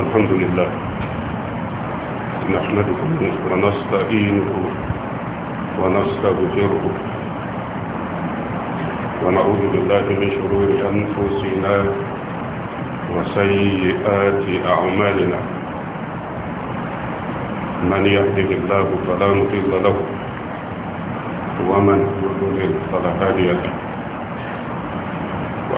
الحمد لله نحمده ونستعينه ونستغفره ونعوذ بالله من شرور أنفسنا وسيئات أعمالنا من يهده الله فلا نضل له ومن يضلل فلا هادي له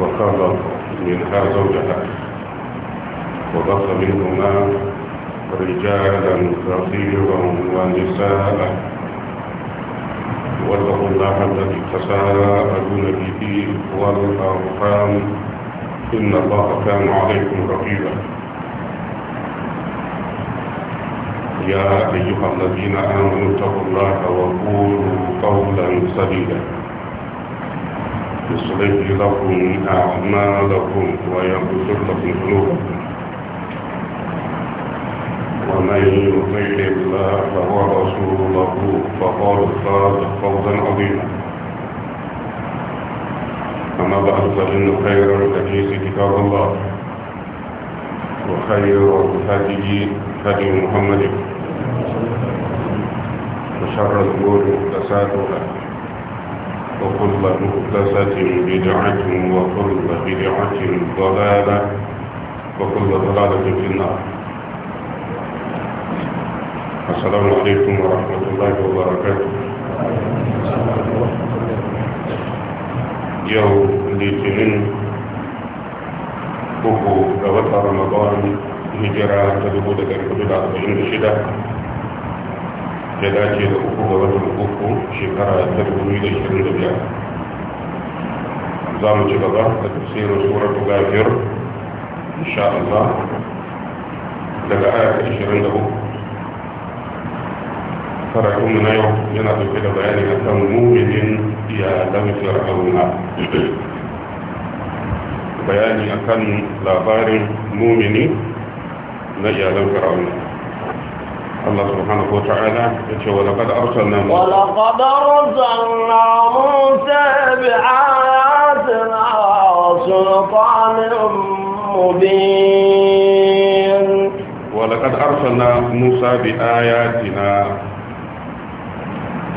وخلق منها زوجها وبص منهما رجالا كثيرا ونساء واتقوا الله الذي تساءلون به والارحام ان الله كان عليكم رقيبا يا ايها الذين امنوا اتقوا الله وقولوا قولا سديدا يصلح لكم أعمالكم ويغفر لكم قلوبكم ومن يطيع الله ورسوله فقد فاز فوزا عظيما أما بعد فإن خير الحديث كتاب الله وخير الهدي هدي محمد وشر الأمور محدثاتها وكل مهدسة بدعة وكل بدعة ضلالة وكل ضلالة في النار السلام عليكم ورحمة الله وبركاته يوم الاثنين uku ga watan ramadan hijira ta dubu da ya dace da uku ga watan uku shekara ta dubu da shirin da biyar za mu ci gaba da tafsirin surar gafir insha Allah daga aya ta ishirin da uku karatunmu na yau yana dauke da bayani a kan muminin iyalan fir'auna bayani akan labarin mumini na iyalan fir'auna الله سبحانه وتعالى ولقد أرسلنا موسى ولقد أرسلنا موسى بآياتنا سلطان مبين ولقد أرسلنا موسى بآياتنا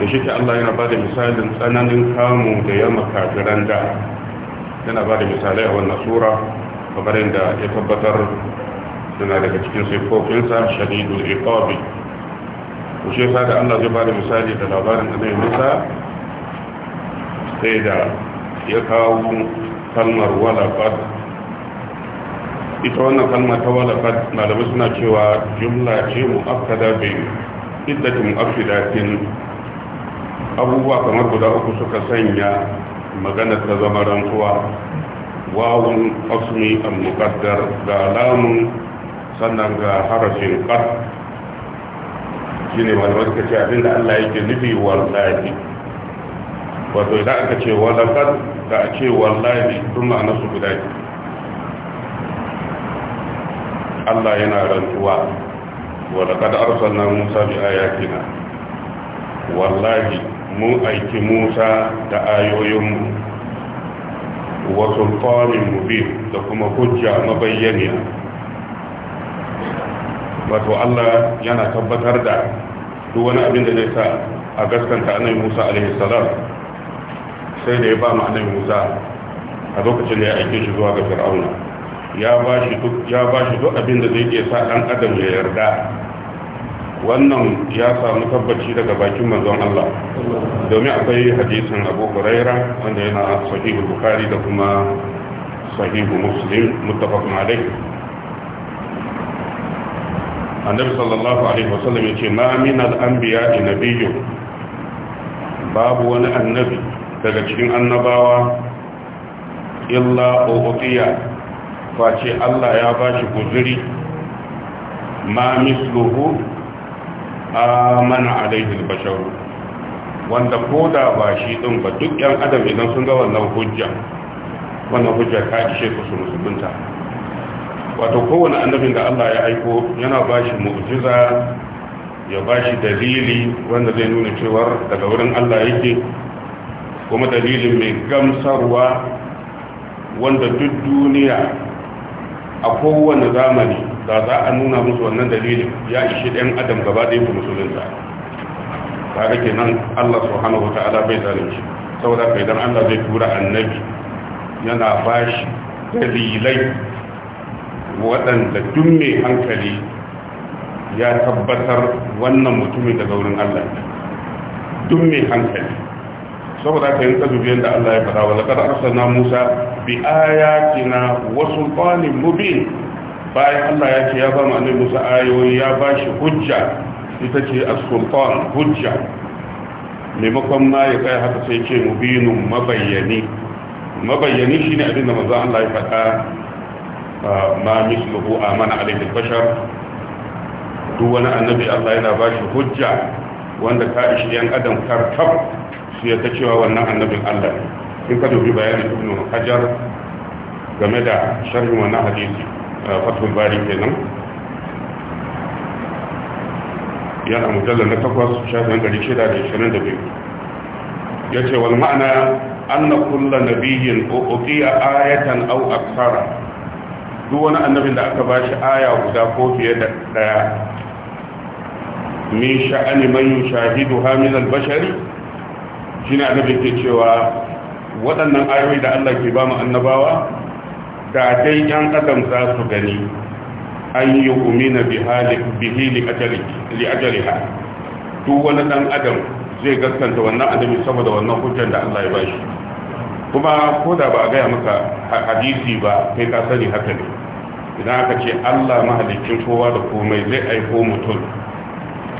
لشك الله ينبال مثال سنن كامو ديام كاجران دا ينبال مثالي هو النصورة وبرين دا يتبطر suna daga cikin siffofinsa shadidul iqabi ku shi sa da Allah zai ba da misali da labarin da zai musa sai da ya kawo kalmar walafat ita wannan kalmar ta walafat malamai suna cewa jumla ce mu'akkada bi iddati kin abubuwa kamar guda uku suka sanya magana ta zama rantsuwa wawun asmi al-muqaddar da alamun sannan ga harafin ƙar shi ne malamar suka ce abinda Allah yake nufi wallahi wato idan aka ce wallakar da a ce wallahi sun ma'ana su guda ne Allah yana rantuwa wallakar arsalna musa bi ayatina wallahi mu aiki musa da ayoyinmu wasu kwanin mubi da kuma hujja mabayyaniya wato Allah yana tabbatar da duk wani abin da zai sa a gaskanta annabi Musa alaihi salam sai da ya ba mu annabi Musa a lokacin da ya aike shi zuwa ga Fir'auna ya ba shi duk ya ba shi duk abin da zai iya sa dan adam ya yarda wannan ya samu tabbaci daga bakin manzon Allah domin akwai hadisin Abu Hurairah wanda yana sahihu Bukhari da kuma sahihu Muslim muttafaqun alaihi annabi sallallahu alaihi wasallam yace ma min al-anbiya nabiyyu babu wani annabi daga cikin annabawa illa uqiya face Allah ya bashi guziri ma misluhu mana alaihi al wanda koda ba shi din ba duk yan adam idan sun ga wannan hujja wannan hujja ta ishe su musulunta wato kowane annabin da Allah ya aiko yana ba shi mu'jiza ya ba shi dalili wanda zai nuna cewar daga wurin Allah yake kuma dalilin mai gamsarwa wanda duk duniya a kowane zamani da za a nuna musu wannan dalilin ya ishi ɗan adam gaba ɗaya ku musulunta tare kenan Allah subhanahu wa ta'ala bai zalunci saboda kai dan Allah zai tura annabi yana ba shi dalilai waɗanda duk mai hankali ya tabbatar wannan mutumin daga wurin Allah duk mai hankali saboda ka yin tsazubiyar da Allah ya fara wa laƙar arsana Musa bi ayatina wa sultanin mubin bayan Allah ya ce ya ba mu annabi Musa ayoyi ya ba shi hujja ita ce as-sultan hujja maimakon ma ya kai haka sai ce mubinun mabayyani mabayyani shine abin da manzo Allah ya faɗa ma misluhu amana alaihi bashar duk wani annabi Allah yana ba shi hujja wanda ta ishi yan adam karkab su ta cewa wannan annabin Allah in ka dubi bayanin ibn hajar game da sharhin wannan hadisi fatul bari kenan yana mujallar na takwas shafin ya ce ma'ana na nabiyin ko ayatan au aksara duk wani annabin da aka ba shi aya guda ko fiye da daya min sha'ani man yushahidu hamil al-bashari shine annabi ke cewa waɗannan ayoyi da Allah ke ba mu annabawa da dai yan adam za su gani an yi umina bi halik bihi li ajaliha duk wani dan adam zai gaskanta wannan annabi saboda wannan hujjar da Allah ya shi. kuma ko da ba a gaya maka hadisi ba kai ka sani haka ne idan aka ce Allah mahalicin kowa da komai zai aiko mutum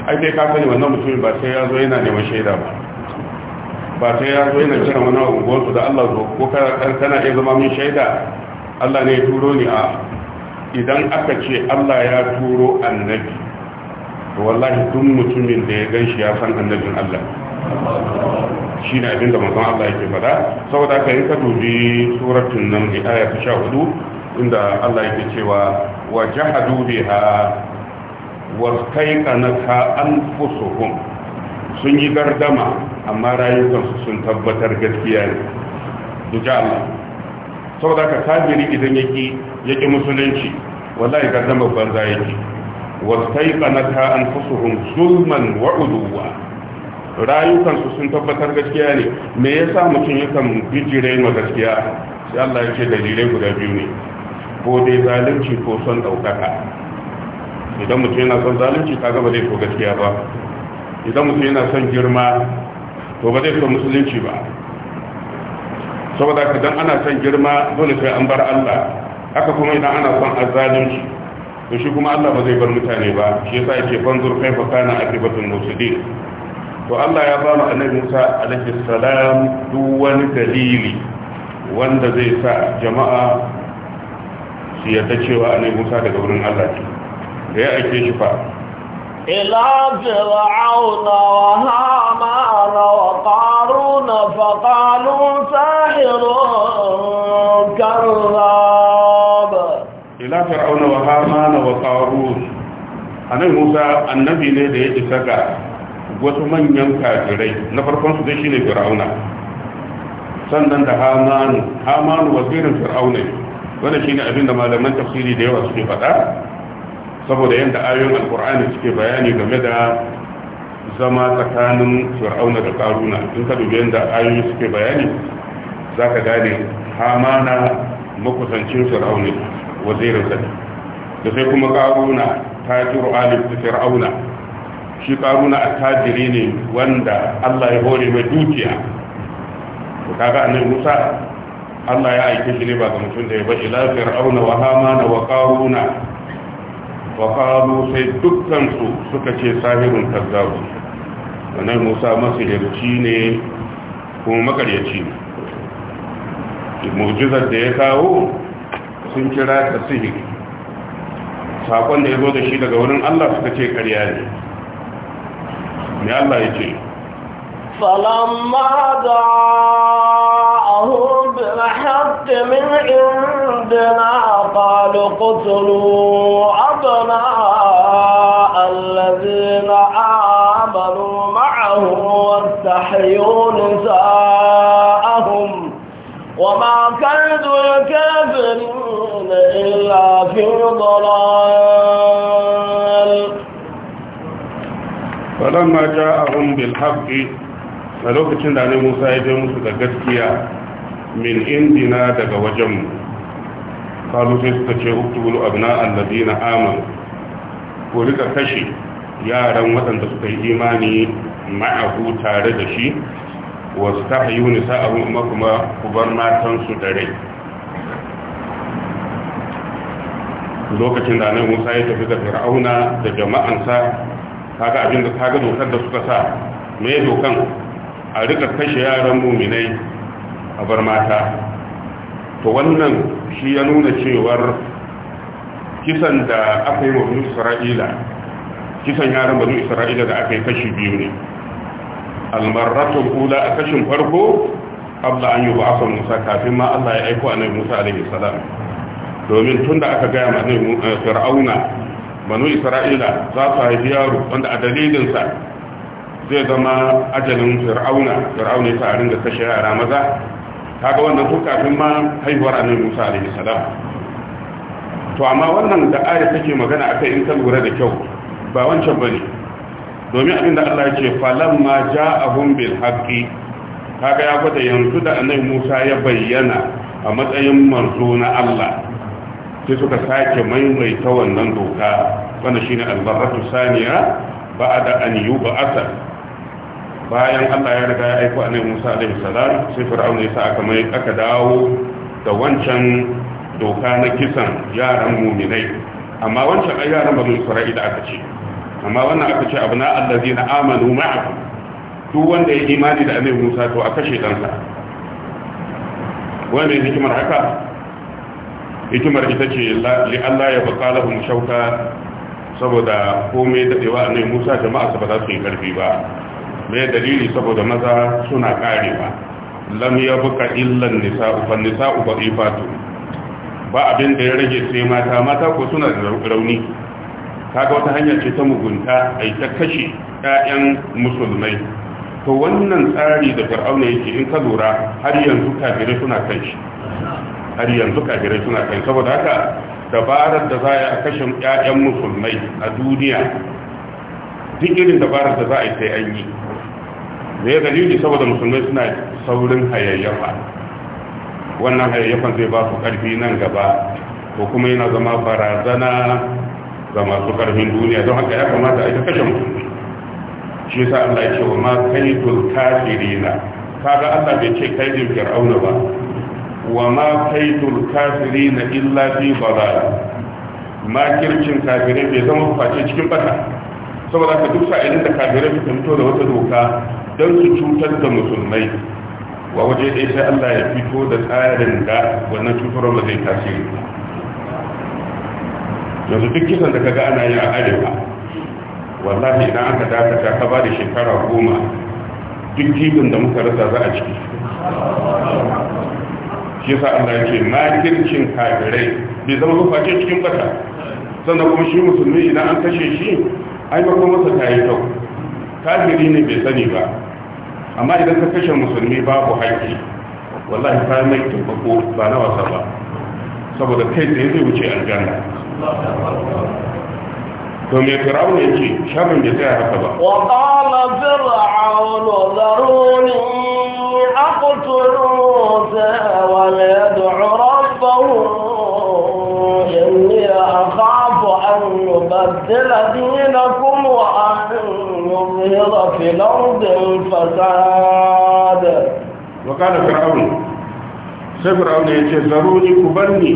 ai dai ka sani wannan mutum ba sai ya zo yana neman shaida ba ba sai ya zo yana cire wani unguwarsu da Allah zo ko kana iya zama min shaida Allah ne ya turo ni a idan aka ce Allah ya turo annabi to wallahi duk mutumin da ya gan shi ya san annabin Allah shi ne abinda mazan Allah yake faɗa saboda aka yi ka dubi suratun nan ne aya ta hudu. inda Allah yake cewa wa jahadu biha wa kayqanaka anfusuhum sun yi gardama amma rayukansu sun tabbatar gaskiya ne duka Allah saboda ka kafiri idan yake yake musulunci wallahi gardama banza yake wa kayqanaka anfusuhum zulman wa uduwa rayukansu sun tabbatar gaskiya ne me yasa mutum yakan bijire ne gaskiya sai Allah ya ce dalilai guda biyu ne ko dai zalunci ko son ɗaukaka idan mutum yana son zalunci ta gaba zai so gaskiya ba idan mutum yana son girma to ba zai so musulunci ba saboda idan ana son girma dole sai an bar Allah haka kuma idan ana son azalunci to shi kuma Allah ba zai bar mutane ba shi yasa yake banzur kai fa kana akibatul musulmin to Allah ya ba mu annabi Musa alaihi salam duk wani dalili wanda zai sa jama'a su yarda cewa annabi Musa daga wurin Allah ne da ya aike shi fa ila fir'auna wa hamana wa qaruna fa qalu sahirun karrab ila fir'auna wa hamana wa qarun anan Musa annabi ne da ya isa ga wasu manyan kafirai na farkon su dai shine fir'auna sannan da hamanu hamanu wazirin fir'auna ne wannan shine abin da malaman tafsiri da yawa suke faɗa saboda yadda ayoyin alkur'ani suke bayani game da zama tsakanin fir'auna da karuna in ka dubi yadda ayoyi suke bayani za ka gane hamana makusancin fir'auna wazirin sa da sai kuma karuna tajiru alif da fir'auna shi karuna a tajiri ne wanda allah ya hore mai dukiya kaga annabi musa Allah ya aike shi ne ba ga mutum da ya ba ila fir'auna wa hamana wa qaruna wa qalu sai dukkan su suka ce sahirun kazzabu wannan Musa masu yarci ne kuma makaryaci ne mu'jizar da ya kawo sun kira ta sihiri sakon da ya zo da shi daga wurin Allah suka ce ƙarya ne me Allah ya ce falamma da الله بالحق من عندنا قالوا قتلوا أبناء الذين آمنوا معه واستحيوا نساءهم وما كيد الكافرين إلا في ضلال فلما جاءهم بالحق فلو كنت da ne musa ya min indina daga wajenmu kalu sai suka ce uktubul abna na amanu ko rika kashe yaran waɗanda suka yi imani ma'ahu tare da shi wasu ta hayu abu kuma kuma ku bar matansu da rai lokacin da nan musa ya tafi da fir'auna da jama'ansa kaga abin da kaga dokar da suka sa me dokan a rika kashe yaran muminai a bar mata to wannan shi ya nuna cewar kisan da aka yi wa banu isra'ila kisan yaran banu isra'ila da aka yi kashi biyu ne almarratun kula a kashin farko abla an yi ba musa kafin ma allah ya aiko annabi musa alaihi salam domin tun da aka gaya mani eh, fir'auna banu isra'ila za su haifi yaro wanda a dalilinsa zai zama ajalin fir'auna fir'auna ya sa a ringa kashe yara maza kaga wannan ko kafin ma haihuwar annabi Musa alaihi salam to amma wannan da ayat take magana akai in ta lura da kyau ba wancan bane domin abinda Allah yake falamma ja'ahum bil haqqi kaga ya gwada yanzu da annabi Musa ya bayyana a matsayin manzo na Allah sai suka sake maimaita wannan doka wannan shine albarratu saniya ba'da an yub'atha bayan Allah ya riga ya aiko annabi Musa alaihi salam sai fir'aun ya sa aka mai aka dawo da wancan doka na kisan yaran muminai amma wancan ai yaran banu Isra'ila aka ce amma wannan aka ce abna allazina amanu ma'ahu duk wanda ya imani da annabi Musa to a kashe dan sa wannan hikimar haka hikimar ita ce li Allah ya baka lahum shauka saboda komai dadewa annabi Musa jama'a ba za su yi karfi ba mai dalili saboda maza suna karewa lam ya buka illan nisa'u fa nisa'u ifatu ba abin da ya rage sai mata mata ko suna da rauni kaga wata hanya ce ta mugunta ai ta kashe ƴaƴan musulmai to wannan tsari da fir'auna yake in ka lura har yanzu kafirai suna kan shi har yanzu kafirai suna kan saboda haka dabarar da za a kashe ƴaƴan musulmai a duniya duk irin dabarar da za a yi sai an yi me ya ne saboda musulmai suna saurin hayayyafa wannan hayayyafan zai ba su karfi nan gaba ko kuma yana zama barazana ga masu karfin duniya don haka ya kamata a yi kashe musulmi shi sa Allah ya ce wa ma kaidul kafirina kaga Allah bai ce kai kaidul fir'auna ba wa ma kaidul kafirina illa fi dalal makircin kafirai bai zama face cikin bata saboda ka duk sa'ilin da kafirai suka mutu da wata doka don su cutar da musulmai wa waje ɗaya sai Allah ya fito da tsarin da wannan cutar ba zai tasiri yanzu duk kisan da kaga ana yi a arewa wallahi idan aka dakata ta ba da shekara goma duk jibin da muka rasa za a ciki shi sa Allah ya ce makircin kafirai bai zama ba face cikin bata sannan kuma shi musulmi idan an kashe shi ai kuma masa ta yi kyau kafiri ne bai sani ba amma idan ka kashe musulmi babu haƙƙi wallahi ka mai tabbako ba na wasa ba saboda kai da zai wuce aljanna to me fir'auna yake sharrin da zai haka ba wa qala fir'aunu daruni aqtul musa wa la yad'u rabbahu inni akhafu an yubaddila dinakum wa an ليظهر في الأرض الفساد وقال فرعون sai fir'auna ya ce zaruni ku bar ni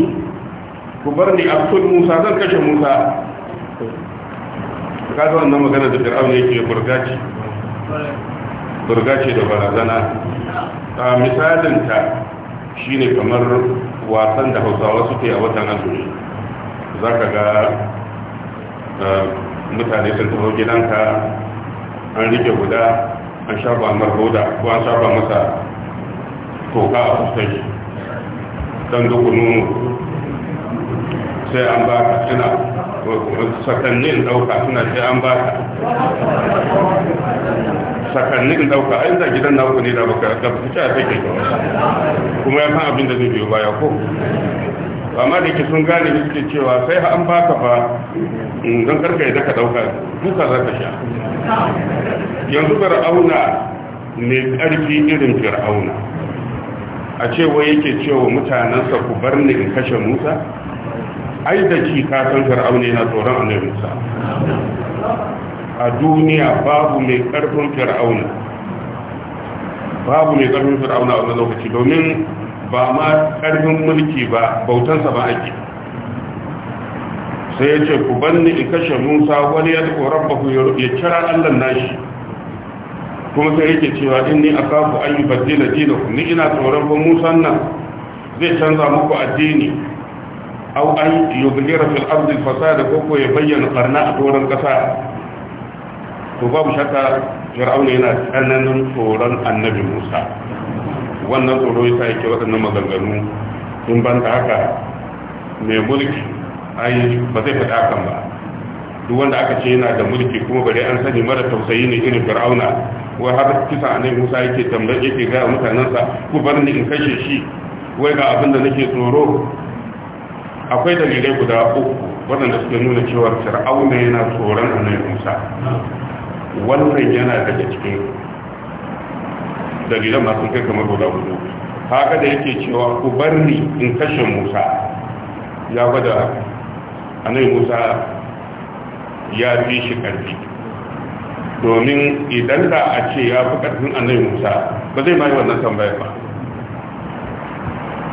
ku bar ni aktul musa zan kashe musa ka ga magana da fir'auna yake burgaci burgaci da barazana a misalin ta shine kamar wasan da hausawa suke a watan azumi zaka ga mutane sun taho gidanka an rike guda an shafa mar hoda ko an shafa masa toka a fuskar shi don duk nono sai an ba ka suna sakannin dauka suna sai an ba ka sakannin dauka a inda gidan naku ne da baka ga fice a take kuma ya fi abin da zai biyo baya ko ba ma da ke sun gane da suke cewa sai an baka ba mm, don karka yi daga dauka duka za ka sha yanzu fir'auna mai karfi irin fir'auna a cewa yake cewa mutanensa ku bar ni in kashe musa ai da ka san fir'auna yana tsoron annabinsa a duniya babu mai karfin fir'auna babu mai karfin fir'auna a wani lokaci domin ba ma ƙarfin mulki ba bautansa ba ake sai ya ce ku banni in kashe musa wani ya rabba ku ya kira allah nashi kuma sai yake cewa in ni a kafu an yi baddila ku ni ina tsoron ba musa nan zai canza muku addini au an yubilira fil ardi fasada ko ko ya bayyana barna a doron kasa to babu shakka fir'auna yana tsananin tsoron annabi musa wannan tsoro ya sa ke waɗannan maganganu sun ban ta haka mai mulki ai ba zai faɗa kan ba duk wanda aka ce yana da mulki kuma bare an sani mara tausayi ne irin fir'auna wai har kisa anai musa yake tambaye yake ga mutanensa ku bar ni in kashe shi wai ga abin da nake tsoro akwai dalilai guda uku waɗanda suke nuna cewa fir'auna yana tsoron anai musa wannan yana daga cikin dalilan masu kai kamar guda hudu haka da yake cewa ku bar ni in kashe musa ya gwada anai musa ya fi shi karfi domin idan da a ce ya fi karfin anai musa ba zai mai wannan tambaya ba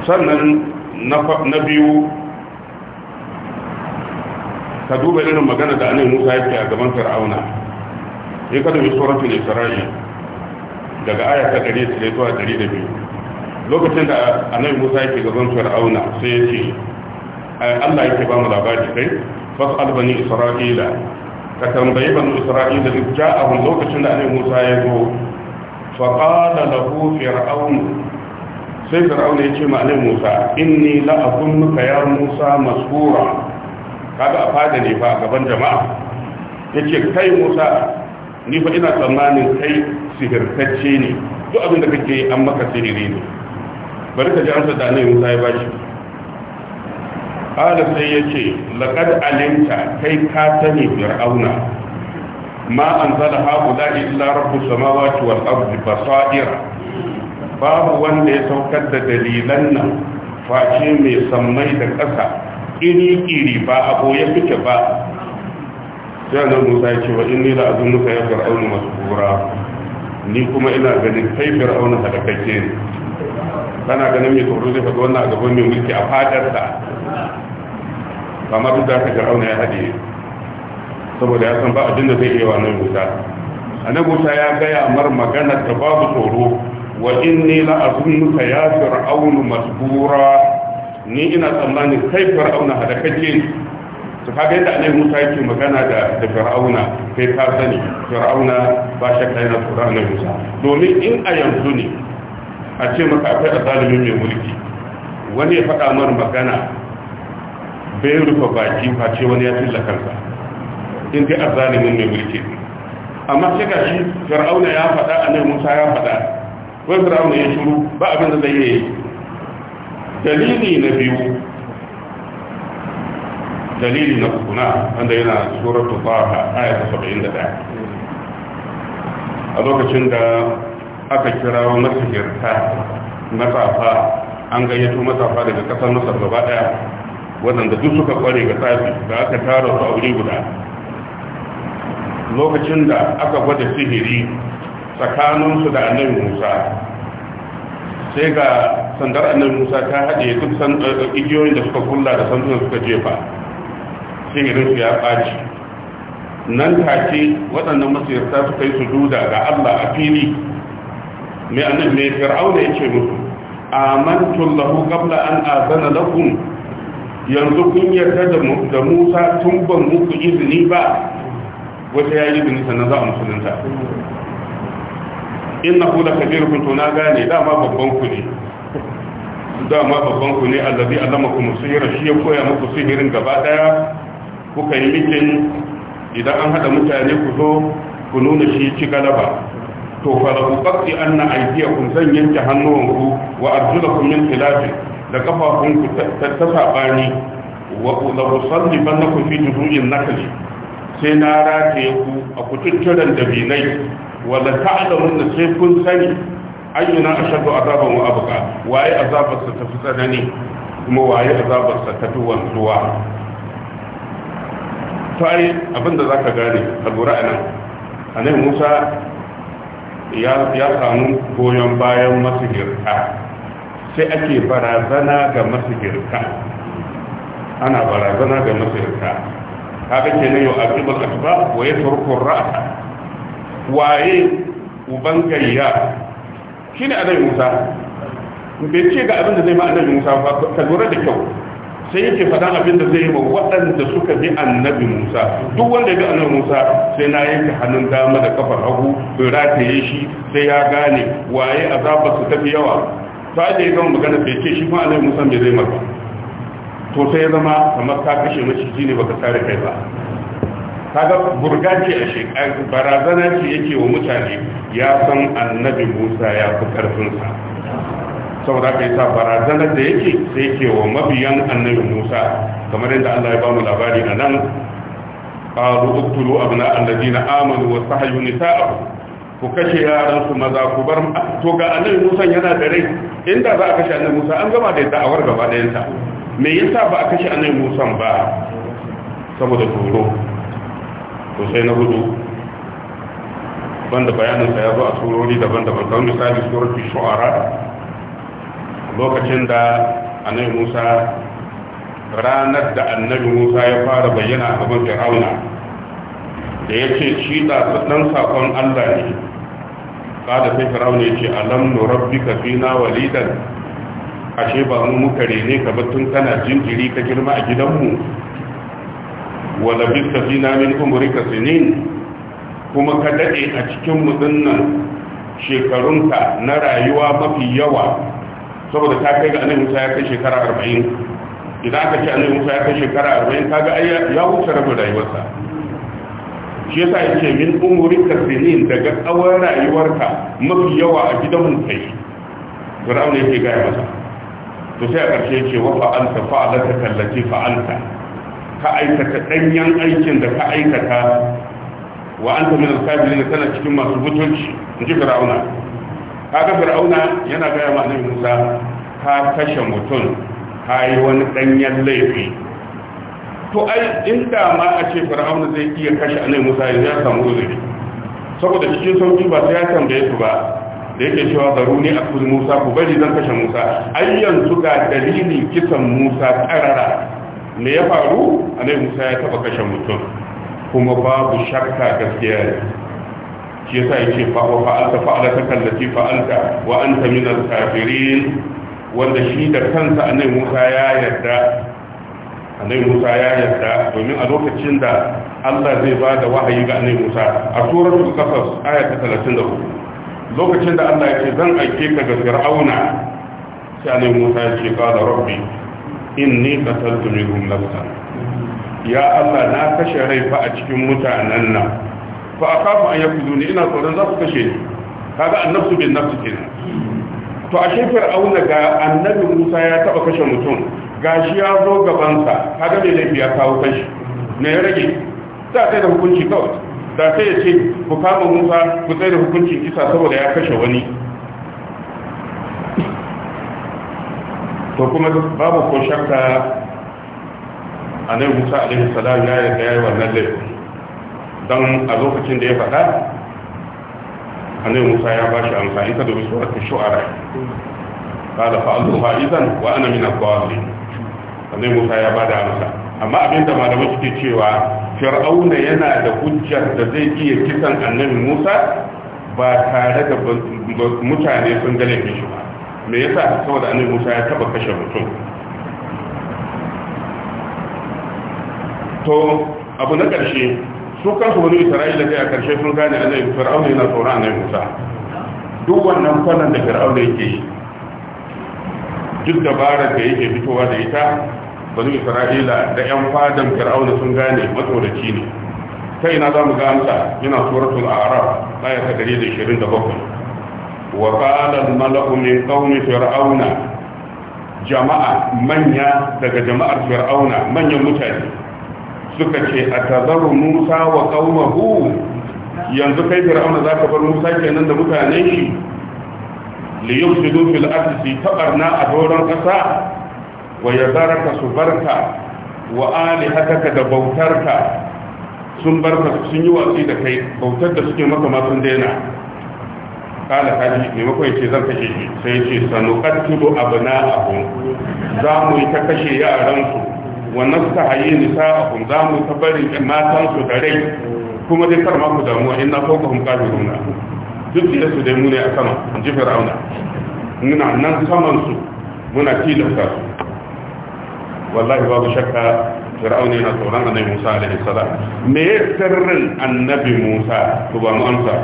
sannan na biyu ka duba irin magana da anai musa yake a gaban fir'auna ya kada bi ne sarari. daga aya ta 100 zuwa 102 lokacin da annabi Musa yake gaban Fir'auna sai ya ce Allah yake ba mu labari kai fas'al bani Isra'ila ka tambayi bani Isra'ila da ja'ahum lokacin da annabi Musa ya zo fa qala lahu fir'aun sai fir'aun ya ce ma annabi Musa inni la akunnuka ya Musa masura kaga a fada ne fa gaban jama'a Ya ce kai Musa ni fa ina tsammanin kai sihirtacce ne duk abin da kake an maka sihiri ne bari ka ji amsa da ne Musa ya bashi qala sai ce laqad alimta kai ka sani fir'auna ma haku haula illa rabbus samawati wal ardi basair babu wanda ya saukar da dalilan nan face mai sammai da ƙasa iri-iri ba a ya fice ba sai nan Musa ya ce wa inni la azunuka ya fir'auna masbura ni kuma ina ganin kai fir'auna halakakke ne kana ganin mai tsoro zai faɗi wannan a gaban mai mulki a fadarsa ma duk da haka fir'auna ya haɗe saboda ya san ba abin da zai iya wa nan wuta A nan wuta ya gaya mar magana da babu tsoro wa inni la azunnuka ya fir'aunu masbura ni ina tsammanin kai fir'auna halakakke ne to kaga yadda annabi Musa yake magana da da Fir'auna kai ka sani Fir'auna ba kai na tsoron annabi Musa domin in a yanzu ne a ce maka akwai azalimin mai mulki wani ya faɗa mar magana bai rufe baki ce wani ya tilla kansa in dai azalimin mai mulki amma sai ga shi Fir'auna ya faɗa annabi Musa ya faɗa wai Fir'auna ya shiru ba abin da zai yi dalili na biyu dalili na kuna wanda yana suratul baha aya ta 71 a lokacin da aka kira masahirta matsafa an gayyato matsafa daga kasar masar gaba daya waɗanda duk suka kware ga tsafi da aka tara su wuri guda lokacin da aka gwada sihiri tsakaninsu da annabi musa sai ga sandar annabi musa ta haɗe duk eh, igiyoyin da suka kulla da sandunan suka jefa sai irin ya ɓaci nan take waɗannan masiyarta su kai su duda ga Allah a fili mai annan mai fir'auna ya ce musu a mantun lahu qabla an azana lakum yanzu kun yarda da Musa tun ban muku izini ba wata yi izini sannan za a musulunta kula lakabirukum to na gane dama babban ku ne dama babban ku ne a allama kuma sihira shi ya koya muku sihirin gaba daya kuka yi mitin idan an haɗa mutane ku zo ku nuna shi ci galaba to falahu qatti anna aydiyakum zan yanke hannuwanku wa arjulakum min khilaf da kafafunku ta sabani wa la ku fi juzu'in nakl sai na rataye ku a kututturan dabinai ta la da sai kun sani ayyuna ashadu azaban wa abqa waye azabarsa ta tafi tsanani kuma waye azabarsa ta tafi wanzuwa to ai abin da za ka gane a lura a nan annabi musa ya samu goyon bayan girka sai ake barazana ga girka ana barazana ga masihirta haka ke nan yau aqibar asba wa ya turkun ra'asa waye uban gayya shine annabi musa bai ce ga abin da zai ma annabi musa ba ka lura da kyau sai yake faɗan abin da zai yi wa waɗanda suka bi annabi musa duk wanda ya bi annabi musa sai na yanke hannun dama da kafar hagu in rataye shi sai ya gane waye azaba su tafi yawa ta da ya zama magana bai ce shi ma annabi musa bai zai maka to sai ya zama kamar ka kashe maciji ne baka tare kai ba kaga burga ce a shekaru barazana ce yake wa mutane ya san annabi musa ya fi karfinsa saboda ka yi sa barazanar da yake sai ke wa mabiyan annabi musa kamar yadda allah ya bamu labari a nan ƙaru uktulu abna allazi na amanu wa sahayu nisa'ahu ku kashe yaran su maza ku bar to ga annabi musa yana da rai inda za a kashe annabi musa an gama da da'awar gaba da yanta me yasa ba a kashe annabi musa ba saboda tsoro to sai na hudu banda bayanin sa ya zo a surori daban-daban kamar misali suratul shu'ara lokacin da annabi musa ranar da annabi musa ya fara bayyana a gaban fir'auna da ya ce shi da dan sakon allah ne da sai fir'auna ya ce alam nurabbika fina walidan ashe ba mu muka rene ka batun kana jinjiri ka girma a gidanmu wala bisa fina min umrika sinin kuma ka dade a cikin mu shekarunka na rayuwa mafi yawa saboda ta kai ga annabi Musa ya kai shekara 40 idan aka ce annabi Musa ya kai shekara 40 kaga ai ya wuce rabin rayuwarsa shi yasa yake min umurin kasinin daga tsawon rayuwarka mafi yawa a gidan mu kai Fir'auna ke gaya masa to sai a ƙarshe ce wa fa'alta fa'alata kallati fa'alta ka aikata danyen aikin da ka aikata wa anta min al da tana cikin masu mutunci, in ji Fir'auna kaga fir'auna yana gaya ma annabi musa ka kashe mutum ka yi wani danyen laifi to ai inda ma a ce fir'auna zai iya kashe annabi musa ya samu uzuri saboda cikin sauki ba sai ya tambaye su ba da yake cewa garu ne a kuzin musa ku bari zan kashe musa ai yanzu ga dalilin kisan musa karara me ya faru annabi musa ya taba kashe mutum kuma babu shakka gaskiya shi yasa yace fa wa fa'alta fa'alata kallati fa'alta wa anta min al-kafirin wanda shi da kansa annabi Musa ya yarda annabi Musa ya yarda domin a lokacin da Allah zai ba da wahayi ga annabi Musa a suratul qasas aya ta 34 lokacin da Allah yake zan aike ka ga Fir'auna sai annabi Musa ya ce qala rabbi inni qataltu minhum nafsan ya Allah na kashe rai fa a cikin mutanen nan fa akafu an yakuzuni ina tsoron za ku kashe ni kaga annabtu bin nafsi kina to a ashe auna ga annabi Musa ya taba kashe mutum gashi ya zo gaban sa kaga mai laifi ya kawo kashi ne ya rage da sai da hukunci kawai da sai ya ce ku kama Musa ku tsaya da hukuncin kisa saboda ya kashe wani to kuma babu ko shakka annabi Musa alaihi salam ya yi wannan laifi don a lokacin da ya faɗa annabi musa ya ba shi amsa in ka dubi shu'ara ba da fa ba idan wa ana min al-dhalin annabi musa ya ba da amsa amma abinda malamai suke cewa fir'auna yana da hujjar da zai iya kisan annabi musa ba tare da mutane sun gane shi ba me yasa saboda annabi musa ya taba kashe mutum to abu na ƙarshe su kansu wani isra'ila kai a karshe sun gane da zai fir'auna yana a nan musa duk wannan kwanan da fir'auna yake yi duk dabarar da yake fitowa da ita bani isra'ila da yan fadan fir'auna sun gane matsoraci ne ta ina za mu ga amsa yana suratul a'raf aya ta bakwai. wa qala al-mala'u min qaumi fir'auna jama'a manya daga jama'ar fir'auna manyan mutane suka ce a tazaru musa wa qaumahu yanzu kai fir'auna zaka bar musa kenan da mutane shi li yufsidu fil ardi tabarna a doron ƙasa? wa ya zaraka su barka? wa Ali alihataka da bautarka sun barka su sun yi watsi da kai bautar da suke maka ma sun daina kala kaji maimakon ce zan kashe shi sai ce abu na abu. za mu yi ta kashe yaransu. wa nastahayi nisa'ahum za mu tabarin matan su da rai kuma dai kar ma ku damuwa inna fawqahum qadiruna duk da su dai mu ne a sama in ji fir'auna muna nan saman su muna tilasta su wallahi babu shakka fir'auna yana tsoron annabi Musa alaihi salam me ya sirrin annabi Musa to ba mu amsa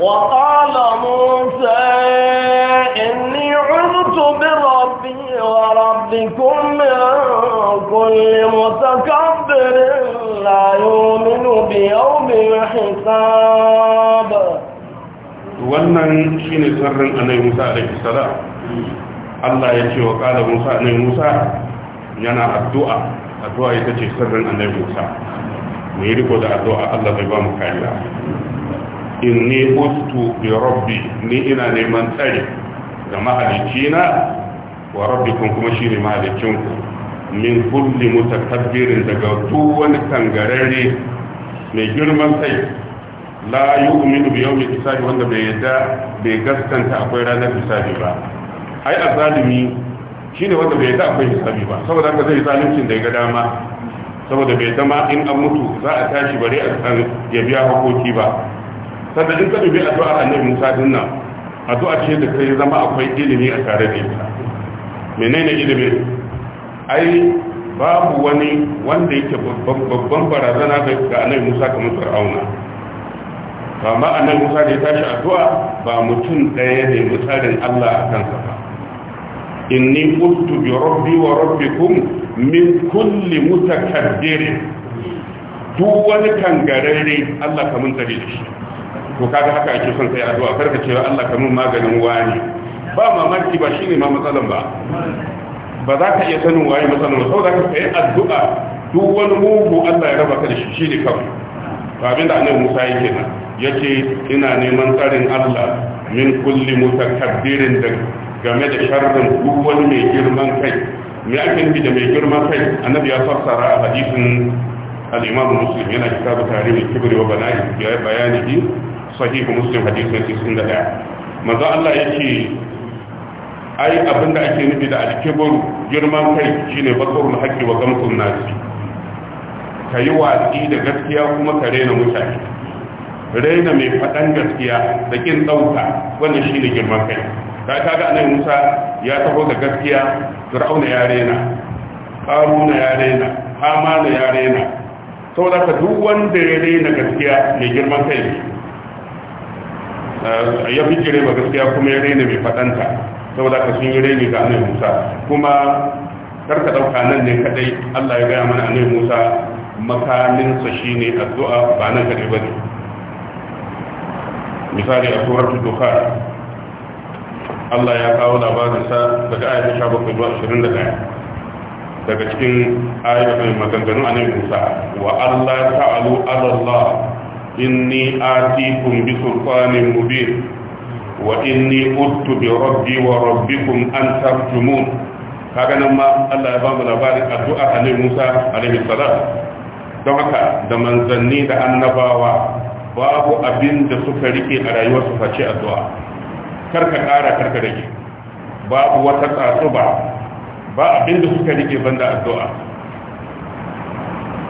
وقال موسى إني عذت بربي وربكم من كل متكبر لا يؤمن بيوم الحساب wannan shine sirrin annabi Musa alaihi salam Allah ya ce wa kala Musa annabi Musa yana addu'a addu'a ita ce sirrin annabi Musa mai riko da addu'a Allah zai ba mu kariya In ne ustu bi rabbi ni ina neman tsari ga mahalicina wa rabbikum kuma shine ku. min kulli mutakabbirin daga duk tangarare. mai girman kai la yu'minu bi yawmi hisabi wanda bai yadda bai gaskanta akwai ranar hisabi ba ai azalimi shine wanda bai yadda akwai hisabi ba saboda haka zai zaluncin da ya ga dama saboda bai zama in an mutu za a tashi bare a ya biya hakoki ba sannan in ka dubi addu'ar annabi musa addu'a ce da kai zama akwai ilimi a tare da ita menene ilimi ai babu wani wanda yake babban barazana ga annabi musa kamar fir'auna amma annabi musa da ya tashi addu'a ba mutum ɗaya ne misalin allah a kansa ba inni qultu bi rabbi wa rabbikum min kulli mutakabbirin duk wani kangararre Allah ka mun da shi to kaga haka ake son kai addu'a karka ce Allah ka mun maganin wani ba mamaki ba shine ma matsalan ba ba za ka iya sanin waye matsalan ba saboda ka kai addu'a duk wani mugu Allah ya raba ka da shi shine kawai to abin da annabi Musa yake nan yace ina neman tsarin Allah min kulli mutakabbirin da game da sharrin duk wani mai girman kai me ake nufi da mai girman kai annabi ya fassara a hadisin al-imam muslim yana kitabu tarihi kibri wa bana'i ya bayani sahihu muslim da 61 manzo Allah yake ai abin da ake nufi da alkibur girman kai shine bakarul haqqi wa gamsun nasi yi watsi da gaskiya kuma ka rena mutane rena mai faɗan gaskiya da kin ɗauka wannan shi ne girman kai ta kaga anan musa ya taho da gaskiya fir'auna ya rena, ƙaruna ya raina hamana ya rena, saboda ka duk wanda ya rena. gaskiya mai girman kai Eh, ya fi kire ma gaskiya kuma ya raina mai faɗanta saboda ka sun yi raini ga annabi musa kuma karka ɗauka nan ne kadai allah ya gaya mana annabi musa sa shine addu'a ba nan kadai ba ne misali a turar duka allah ya kawo labarin sa daga ayatun sha bakwai zuwa ashirin da ɗaya daga cikin ayatun maganganun annabi musa wa allah ta'alu Allah. inni atikum bi sultanin mubin wa inni uttu bi rabbi wa rabbikum an tarjumun kaga nan ma Allah ya ba labarin addu'a annabi Musa alaihi salam don haka da manzanni da annabawa babu abin suka riƙe a rayuwarsu face addu'a karka babu wata ba suka banda addu'a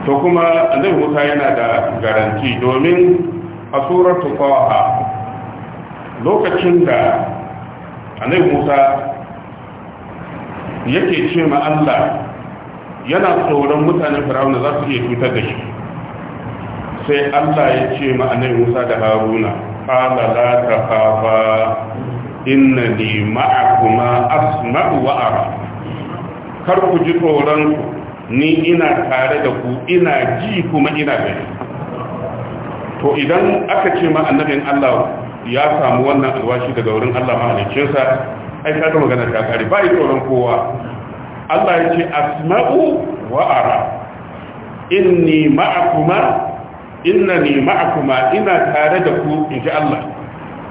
to kuma zai Musa yana da garanti domin a tsoron tukawa lokacin da annabi Musa yake ce ma yana tsoron mutanen Fir'auna za su iya cutar da shi sai Allah ya ce ma annabi Musa da Haruna qala la ne ma'a kuma asma'u wa kar ku ji tsoron ni ina tare da ku ina ji kuma ina gani to idan aka ce ma annabin Allah ya samu wannan alwashi daga wurin Allah sa ai ka magana ta kare ba yi tsoron kowa Allah ya ce asma'u wa ara inni ma'akuma innani ma'akuma ina tare da ku in ji Allah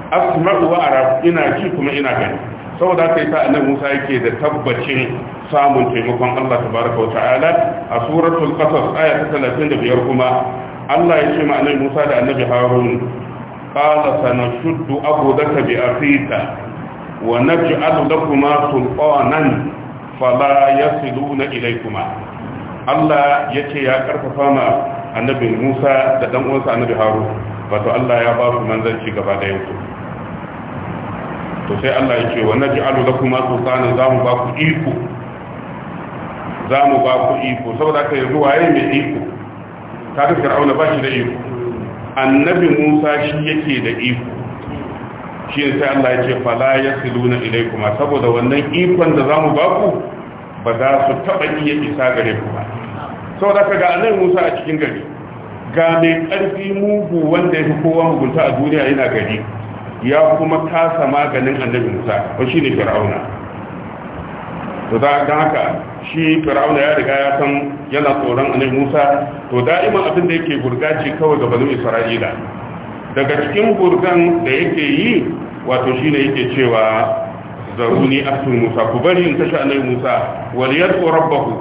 asma'u wa ara ina ji kuma ina gani saboda aka yasa annabi Musa yake da tabbacin samun taimakon Allah tabaraka wata'ala a suratul qasas aya ta 35 kuma Allah ya ce ma annabi Musa da annabi Harun qala sanashuddu abudaka bi akhika wa naj'alu lakuma sultanan fala yasiluna ilaykuma Allah yace ya karfafa ma annabi Musa da dan uwansa annabi Harun wato Allah ya ba su manzanci gaba da yanzu to sai Allah ya ce wa naj'alu lakum sultanan zamu ba ku iko zamu ba ku iko saboda kai yanzu waye mai iko kaga fir'auna ba shi da iko annabi Musa shi yake da iko shi sai Allah ya ce fala yasiluna ilaykuma saboda wannan ikon da zamu ba ku ba za su taba iya isa gare ku ba saboda kaga annabi Musa a cikin gari ga mai karfi mugu wanda ya fi kowa mugunta a duniya yana gari ya kuma kasa maganin annabi musa ba shi ne fir'auna to da don haka shi fir'auna ya riga ya san yana tsoron annabi musa to da'iman abin da yake gurgaci kawai ga banu isra'ila daga cikin gurgan da yake yi wato shine yake cewa zaruni asu musa ku bari in tashi annabi musa wal yad'u rabbahu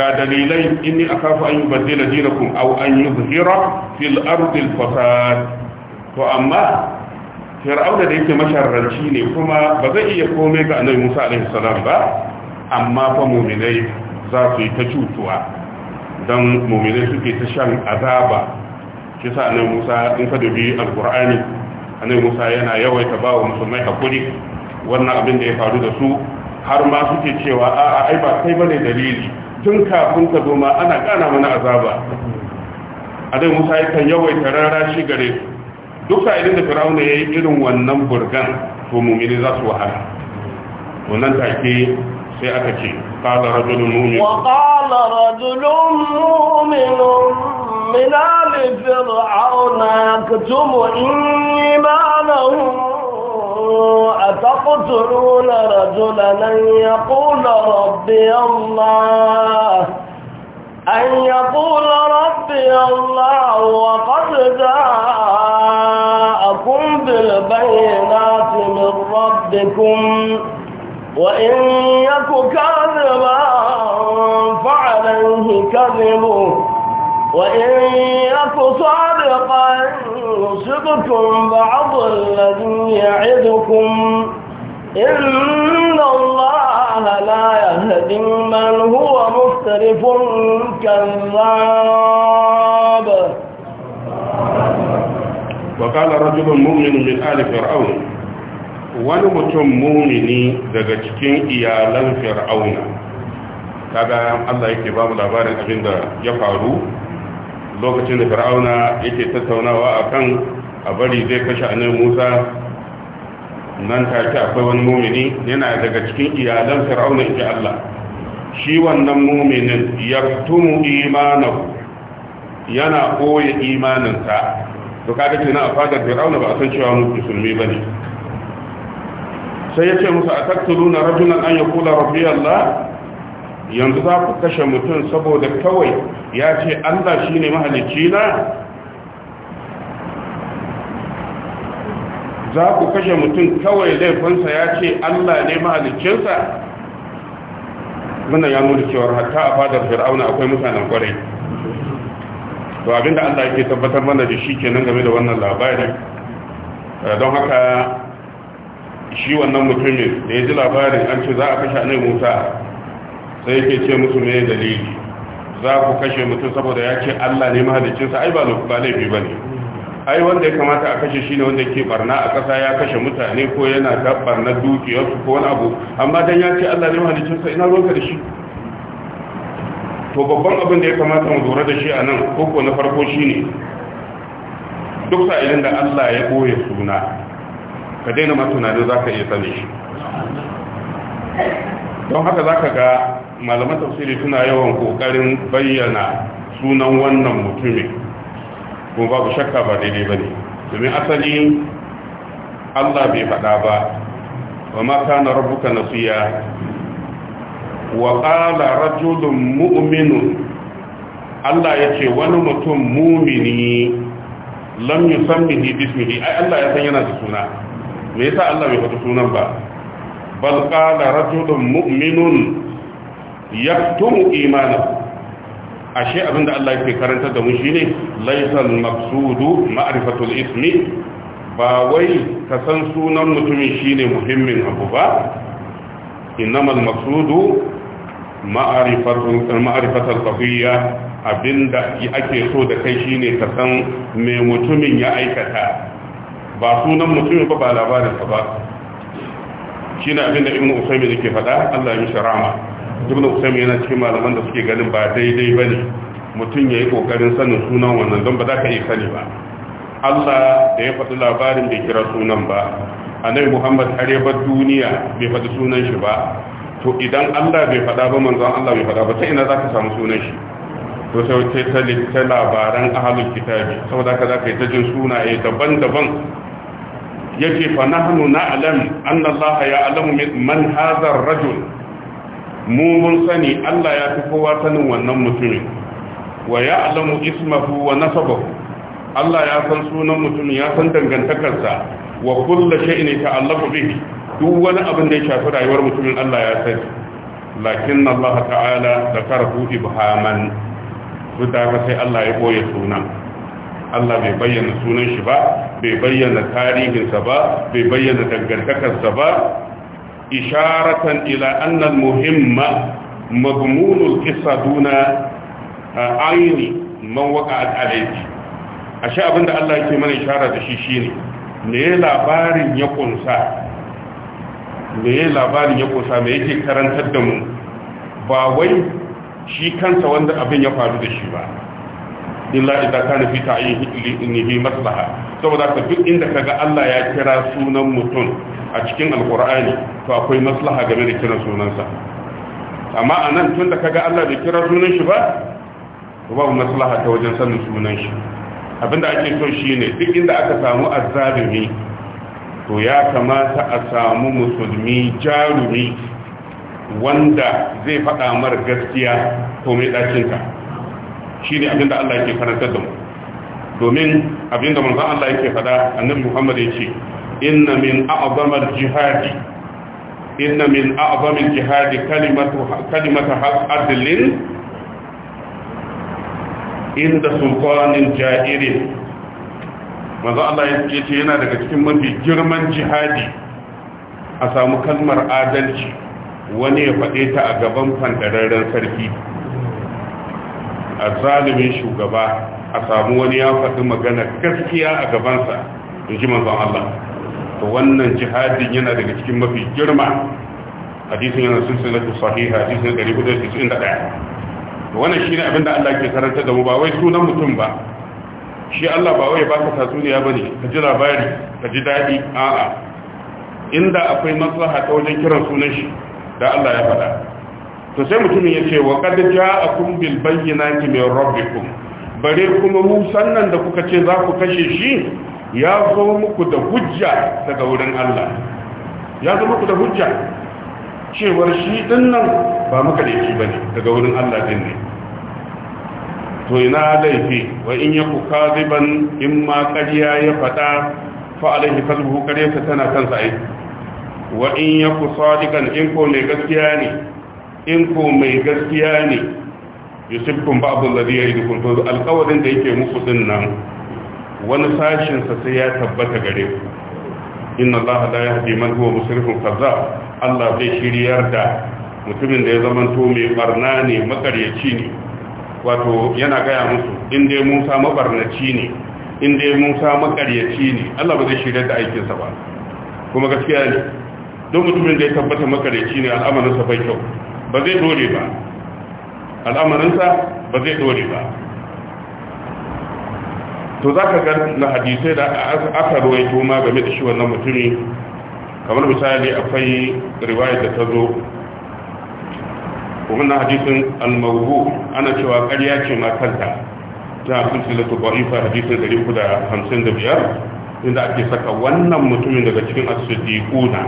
ga dalilai inni akafu an yubaddila dinakum aw an yuzhira fil ardi al fasad to amma fir'auna da yake masharranci ne kuma ba zai iya komai ga annabi Musa alaihi salam ba amma fa mu'minai za su yi ta cutuwa dan mu'minai suke ta shan azaba shi sa annabi Musa in ka dubi alqur'ani annabi Musa yana yawaita bawa musulmai hakuri wannan abin da ya faru da su har ma suke cewa a'a ai ba kai bane dalili tun kafin ka zo ma ana kana mana azaba a musa yakan yawaita rarashi gare duka idan da fir'auna ya yi irin wannan burgan to mumini za su wahala wannan take sai aka ce qala rajulun mu'min wa qala rajulun mu'minun min ali fir'auna yaktumu imanahu أتقتلون رجلا يقول rabbi Allah. أن يقول ربي الله وقد جاءكم بالبينات من ربكم وإن يك كاذبا فعليه كذب وإن يك صادقا يصبكم بعض الذي يعدكم إن الله لا يهدي من هو مسرف كذاب وقال رجل مؤمن من آل فرعون wani mutum mumini daga cikin iyalan fir'auna kaga Allah yake babu labarin abin da ya faru lokacin da fir'auna yake tattaunawa akan a bari zai kashe annabi Musa nan ce akwai wani mumini yana daga cikin iyalan fir'auna inji Allah shi wannan muminin yaktumu imanahu yana koya imaninsa to kaga na a fadar fir'auna ba a san cewa musulmi bane sai yace musu ataktuluna rajulan an yaqula rabbi Allah yanzu za ku kashe mutum saboda kawai ya ce Allah shine mahalicci na za ku kashe mutum kawai laifinsa ya ce Allah ne mahalicinsa wannan ya nuna cewar hatta a fadar fir'auna akwai mutanen kwarai to abinda Allah yake tabbatar mana da shi kenan game da wannan labari eh, don haka shi wannan mutumin da ya ji labarin an ce za a kashe anai musa sai yake ce musu mai dalili za ku kashe mutum saboda ya ce Allah ne mahalicinsa ai ba laifi ba ne ai wanda ya kamata a kashe shine wanda ke barna a ƙasa ya kashe mutane ko yana ta barna dukiyarsu ko wani abu amma dan ya ce Allah ne sa, ina ruwanka da shi to babban abin da ya kamata mu lura da shi a nan koko na farko shine duk idan da Allah ya koye suna ka daina ma tunanin za ka iya sani shi don haka za ka ga malaman tafsiri suna yawan ƙoƙarin bayyana sunan wannan mutumin kuma babu shakka ba daidai ba ne domin asali allah bai faɗa ba wa maka na rabuka nasiya wa ƙala rajulun muminu allah ya ce wani mutum mumini lam yusammihi bismihi ai allah ya san yana da suna me yasa allah bai faɗi sunan ba bal qala rajulun mu'minun yaktumu imanahu ashe abinda Allah yake karanta da mu shine laysal maqsudu ma'rifatul ismi ba wai ka san sunan mutumin shine muhimmin abu ba innamal maqsudu ma'rifatul ma'rifatul qadiyya abinda ake so da kai shine ka san me mutumin ya aikata ba sunan mutumin ba ba labarin ba shine abinda ibnu usaymin yake faɗa Allah ya mishi rahama ibn usaimin yana cikin malaman da suke ganin ba daidai ba ne mutum ya yi ƙoƙarin sanin sunan wannan don ba za ka iya sani ba allah da ya faɗi labarin bai kira sunan ba annabi muhammad har ya bar duniya bai faɗi sunan shi ba to idan allah bai faɗa ba manzon allah bai faɗa ba ta ina za ka samu sunan shi to sai ta ta labaran ahalul kitabi saboda ka za ka yi ta jin sunaye daban-daban yake fa nahnu na'lam anna allaha ya'lamu man hadha ar-rajul mu mun sani Allah ya fi kowa sanin wannan mutumin wa ya alamu ismahu wa nasabahu Allah ya san sunan mutumin ya san dangantakarsa wa ta shay'in ta'allaqu bihi duk wani abin da ya shafi rayuwar mutumin Allah ya sani lakin Allah ta'ala zakarahu ibhaman duk da haka sai Allah ya boye sunan Allah bai bayyana sunan shi ba bai bayyana tarihinsa ba bai bayyana dangantakarsa ba isharatan ila annal muhimma magmunul qissa duna aini man waqa'at alayhi ashe abinda Allah yake mana ishara da shi shine me me labarin ya kunsa me yake karantar da mu ba wai shi kansa wanda abin ya faru da shi ba illa idan kana fi ta'yihi maslaha saboda ka duk inda ka ga Allah ya kira sunan mutum a cikin alkur'ani to akwai maslaha game da kiran sunansa amma a nan tun da kaga Allah bai kira sunan shi ba to babu maslaha ta wajen sanin sunan shi abinda ake so shine duk inda aka samu azzalimi to ya kamata a samu musulmi jarumi wanda zai faɗa mar gaskiya ko mai ɗacinta shi ne abinda Allah yake karantar da mu domin abinda manzan Allah yake faɗa annabi Muhammad ya ce إن من أعظم الجهاد إن من أعظم الجهاد كلمة كلمة عدل عند سلطان جائر maza Allah ya ce yana daga cikin mafi girman jihadi a samu kalmar adalci wani ya faɗe ta a gaban fandararren sarki a zalimin shugaba a samu wani ya faɗi magana gaskiya a gabansa in ji manzon Allah to wannan jihadin yana daga cikin mafi girma hadisin yana silsilatu sahiha hadisin 491 to wannan shine abin da Allah ke karanta da mu ba wai sunan mutum ba shi Allah ba wai baka tatsuniya bane ka ji labari ka ji dadi a'a inda akwai maslaha ta wajen kiran sunan shi da Allah ya faɗa to sai mutumin ya ce wa kad ja'akum bil bayyinati min rabbikum bare kuma mu sannan da kuka ce za ku kashe shi ya zo muku da hujja daga wurin Allah ya zo muku da hujja cewar shi dinnan ba muka da yake bane daga wurin Allah din ne to ina laifi wa in yaku kadiban in ma ƙarya ya fada fa alaihi kalbuhu ƙaryarsa tana kansa ai wa in yaku sadiqan in ko mai gaskiya ne in ko mai gaskiya ne ba ba'dul ladhi ya'idukum to alqawlin da yake muku din nan wani sashinsa sai ya tabbata gare ku inna Allah la yahdi man huwa musrifun kaza. Allah zai shiryar da mutumin da ya zama to mai barna ne makaryaci ne wato yana gaya musu in dai Musa mabarnaci ne in dai Musa makaryaci ne Allah ba zai shiryar da aikinsa ba kuma gaskiya ne don mutumin da ya tabbata makaryaci ne sa bai kyau ba zai dore ba sa ba zai dore ba to za ka gan na hadisai da aka ruwaito ma game da shi wannan mutumi kamar misali akwai riwayar da ta zo wannan hadisin almawu ana cewa ƙarya ce ma kanta ta silsilatu ba'ifa hadisin 355 inda ake saka wannan mutumin daga cikin as-siddiquna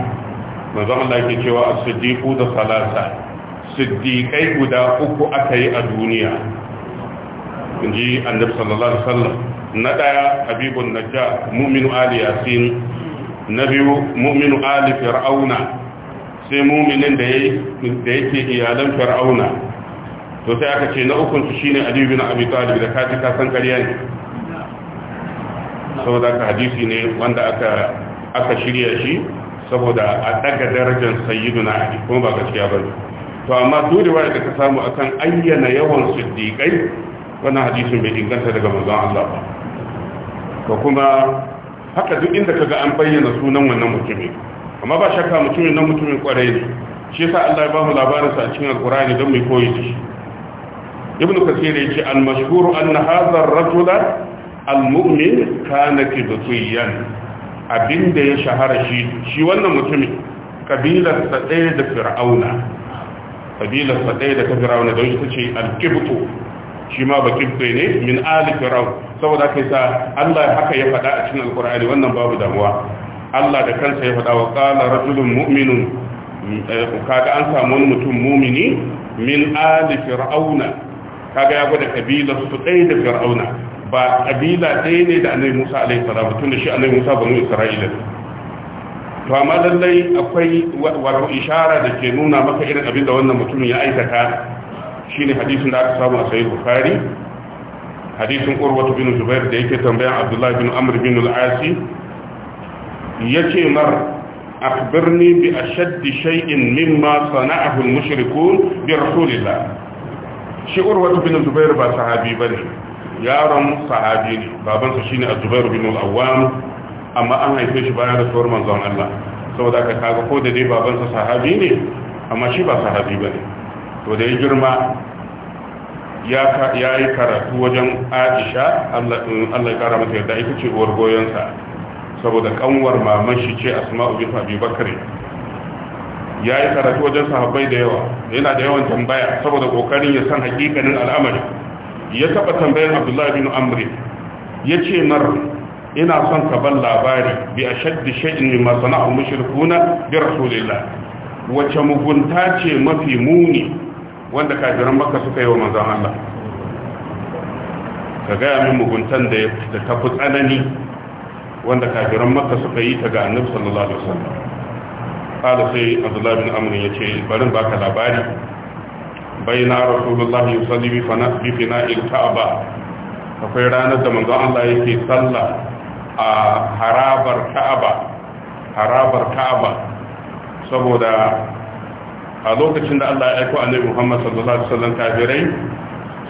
manzo Allah yake cewa asidiku da salasa siddiqai guda uku aka yi a duniya inji annabi sallallahu alaihi wasallam na ɗaya habibun najja mu'minu ali yasin na biyu mu'minu ali fir'auna sai mu'minin da yake iyalan fir'auna to sai aka ce na ukun su shine ali bin abi talib da kaji ka san kariya ne saboda ka hadisi ne wanda aka aka shirya shi saboda a daga darajar sayyiduna ali kuma ba gaskiya ba to amma dole riwaya da ka samu akan ayyana yawan siddiqai wannan hadisin bai inganta daga manzon Allah ba to kuma haka duk inda kaga an bayyana sunan wannan mutumin amma ba shakka mutumin nan mutumin kwarai ne shi yasa Allah ya ba mu labarin sa a cikin Al-Qur'ani don mu koyi shi ibnu kathir yace al mashhur anna hadha ar-rajula al-mu'min kana kibtiyan abinda ya shahara shi shi wannan mutumin kabilar sa ɗaya da fir'auna kabilar sa da fir'auna don ita ce al-kibtu shi ma ba kibtu ne min ali fir'auna saboda kai sa Allah haka ya faɗa a cikin alkur'ani wannan babu damuwa Allah da kansa ya faɗa wa qala rajulun mu'minun eh, kaga an samu wani mutum mumini min ali fir'auna kaga ya gwada kabila su dai da fir'auna ba kabila ɗaya ne da annabi Musa alaihi salam tun da shi annabi Musa banu Isra'ila to amma lallai akwai wato isharar da ke nuna maka irin abin da wannan mutumin ya aikata shine hadisin da aka samu a sahih Bukhari hadisin urwatu bin zubair da yake tambayan abdullahi bin amr bin al'asi ya ce mar akbirni bi a shaddi shai'in mimma sana'ahul mushriku bi rasulillah shi urwatu bin zubair ba sahabi ba ne yaron sahabi ne babansa shine az-zubair bin al amma an haife shi bayan rasuwar manzon Allah saboda ka kaga ko da dai babansa sahabi ne amma shi ba sahabi ba ne to da ya girma ya yi karatu wajen aisha allah ya kara mata yadda ita ce uwar goyonsa saboda kanwar maman shi ce asma'u bin abi bakare ya yi karatu wajen sahabbai da yawa yana da yawan tambaya saboda kokarin ya san hakikanin al'amari ya taba tambayar abdullahi bin amri ya ce mar ina son ka ban labari bi a shaddi sha'in min masana'u mushrikuna bi rasulillah Wacce mugunta ce mafi muni wanda kafiran maka suka yi wa manzan Allah ka gaya min muguntan da ta fi tsanani wanda kafiran maka suka yi ta ga annabi sallallahu alaihi wasallam qala sai abdullah bin amr yace barin baka labari bayna rasulullah yusalli bi fana bi fina'il ka'ba akwai ranar da manzon Allah yake sallah a harabar ka'aba harabar ka'aba saboda a lokacin da Allah ya aiko annabi Muhammad sallallahu alaihi wasallam kafirai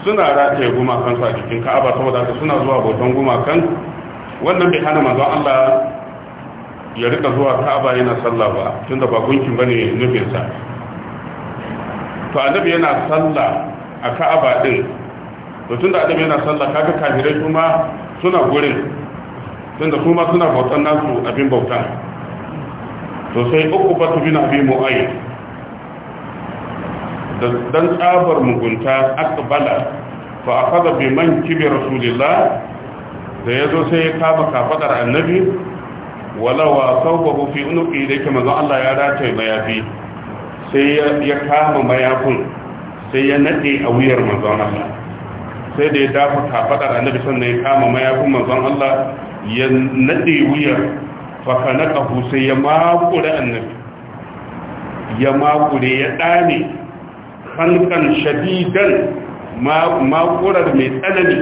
suna rataye gumakansu a cikin Ka'aba saboda haka suna zuwa guma gumakan wannan bai hana manzon Allah ya rika zuwa Ka'aba yana sallah ba tunda ba gunkin bane nufin sa to annabi yana sallah a Ka'aba din to tunda annabi yana sallah kaga kafirai kuma suna gurin tunda kuma suna bautan nasu abin bautan to sai uku bi bin abi mu'ayyid dan tsabar mugunta akbala fa akhadha bi man mankibi rasulillah da yazo sai ya kaba kafadar annabi walawa saubahu fi unuki da yake mazan Allah ya rataye mayafi sai ya kama mayafin sai ya nade a wuyar mazan Allah sai da ya dafa kafadar annabi sannan ya kama mayafin mazan Allah ya nade wuyar fa kanaka sai ya makure annabi ya makure ya dane halkan shadidan makurar mai tsanani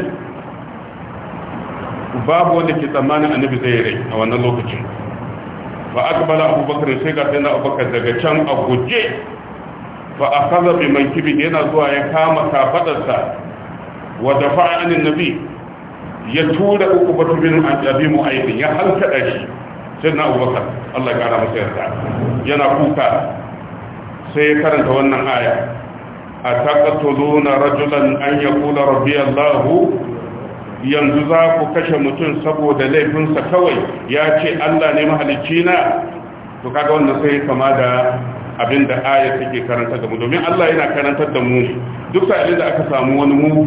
babu wanda ke tsammani annabi zai rai a wannan lokacin fa akbala abubakar sai ga sai na abubakar daga can a guje fa akaza bi mankibi yana zuwa ya kama kafadarsa wa dafa'a anin nabi ya tura uku batu bin abi mu'ayyid ya halkada shi sai na abubakar Allah ya kara masa yarda yana kuka sai ya karanta wannan aya أتقتلون رجلا أن يقول ربي الله yanzu za ku kashe mutum saboda laifinsa kawai ya ce Allah ne mahalicci na to kaga wannan sai kama da abin da aya take karanta da mu domin Allah yana karantar da mu duk sa'ilin da aka samu wani mugu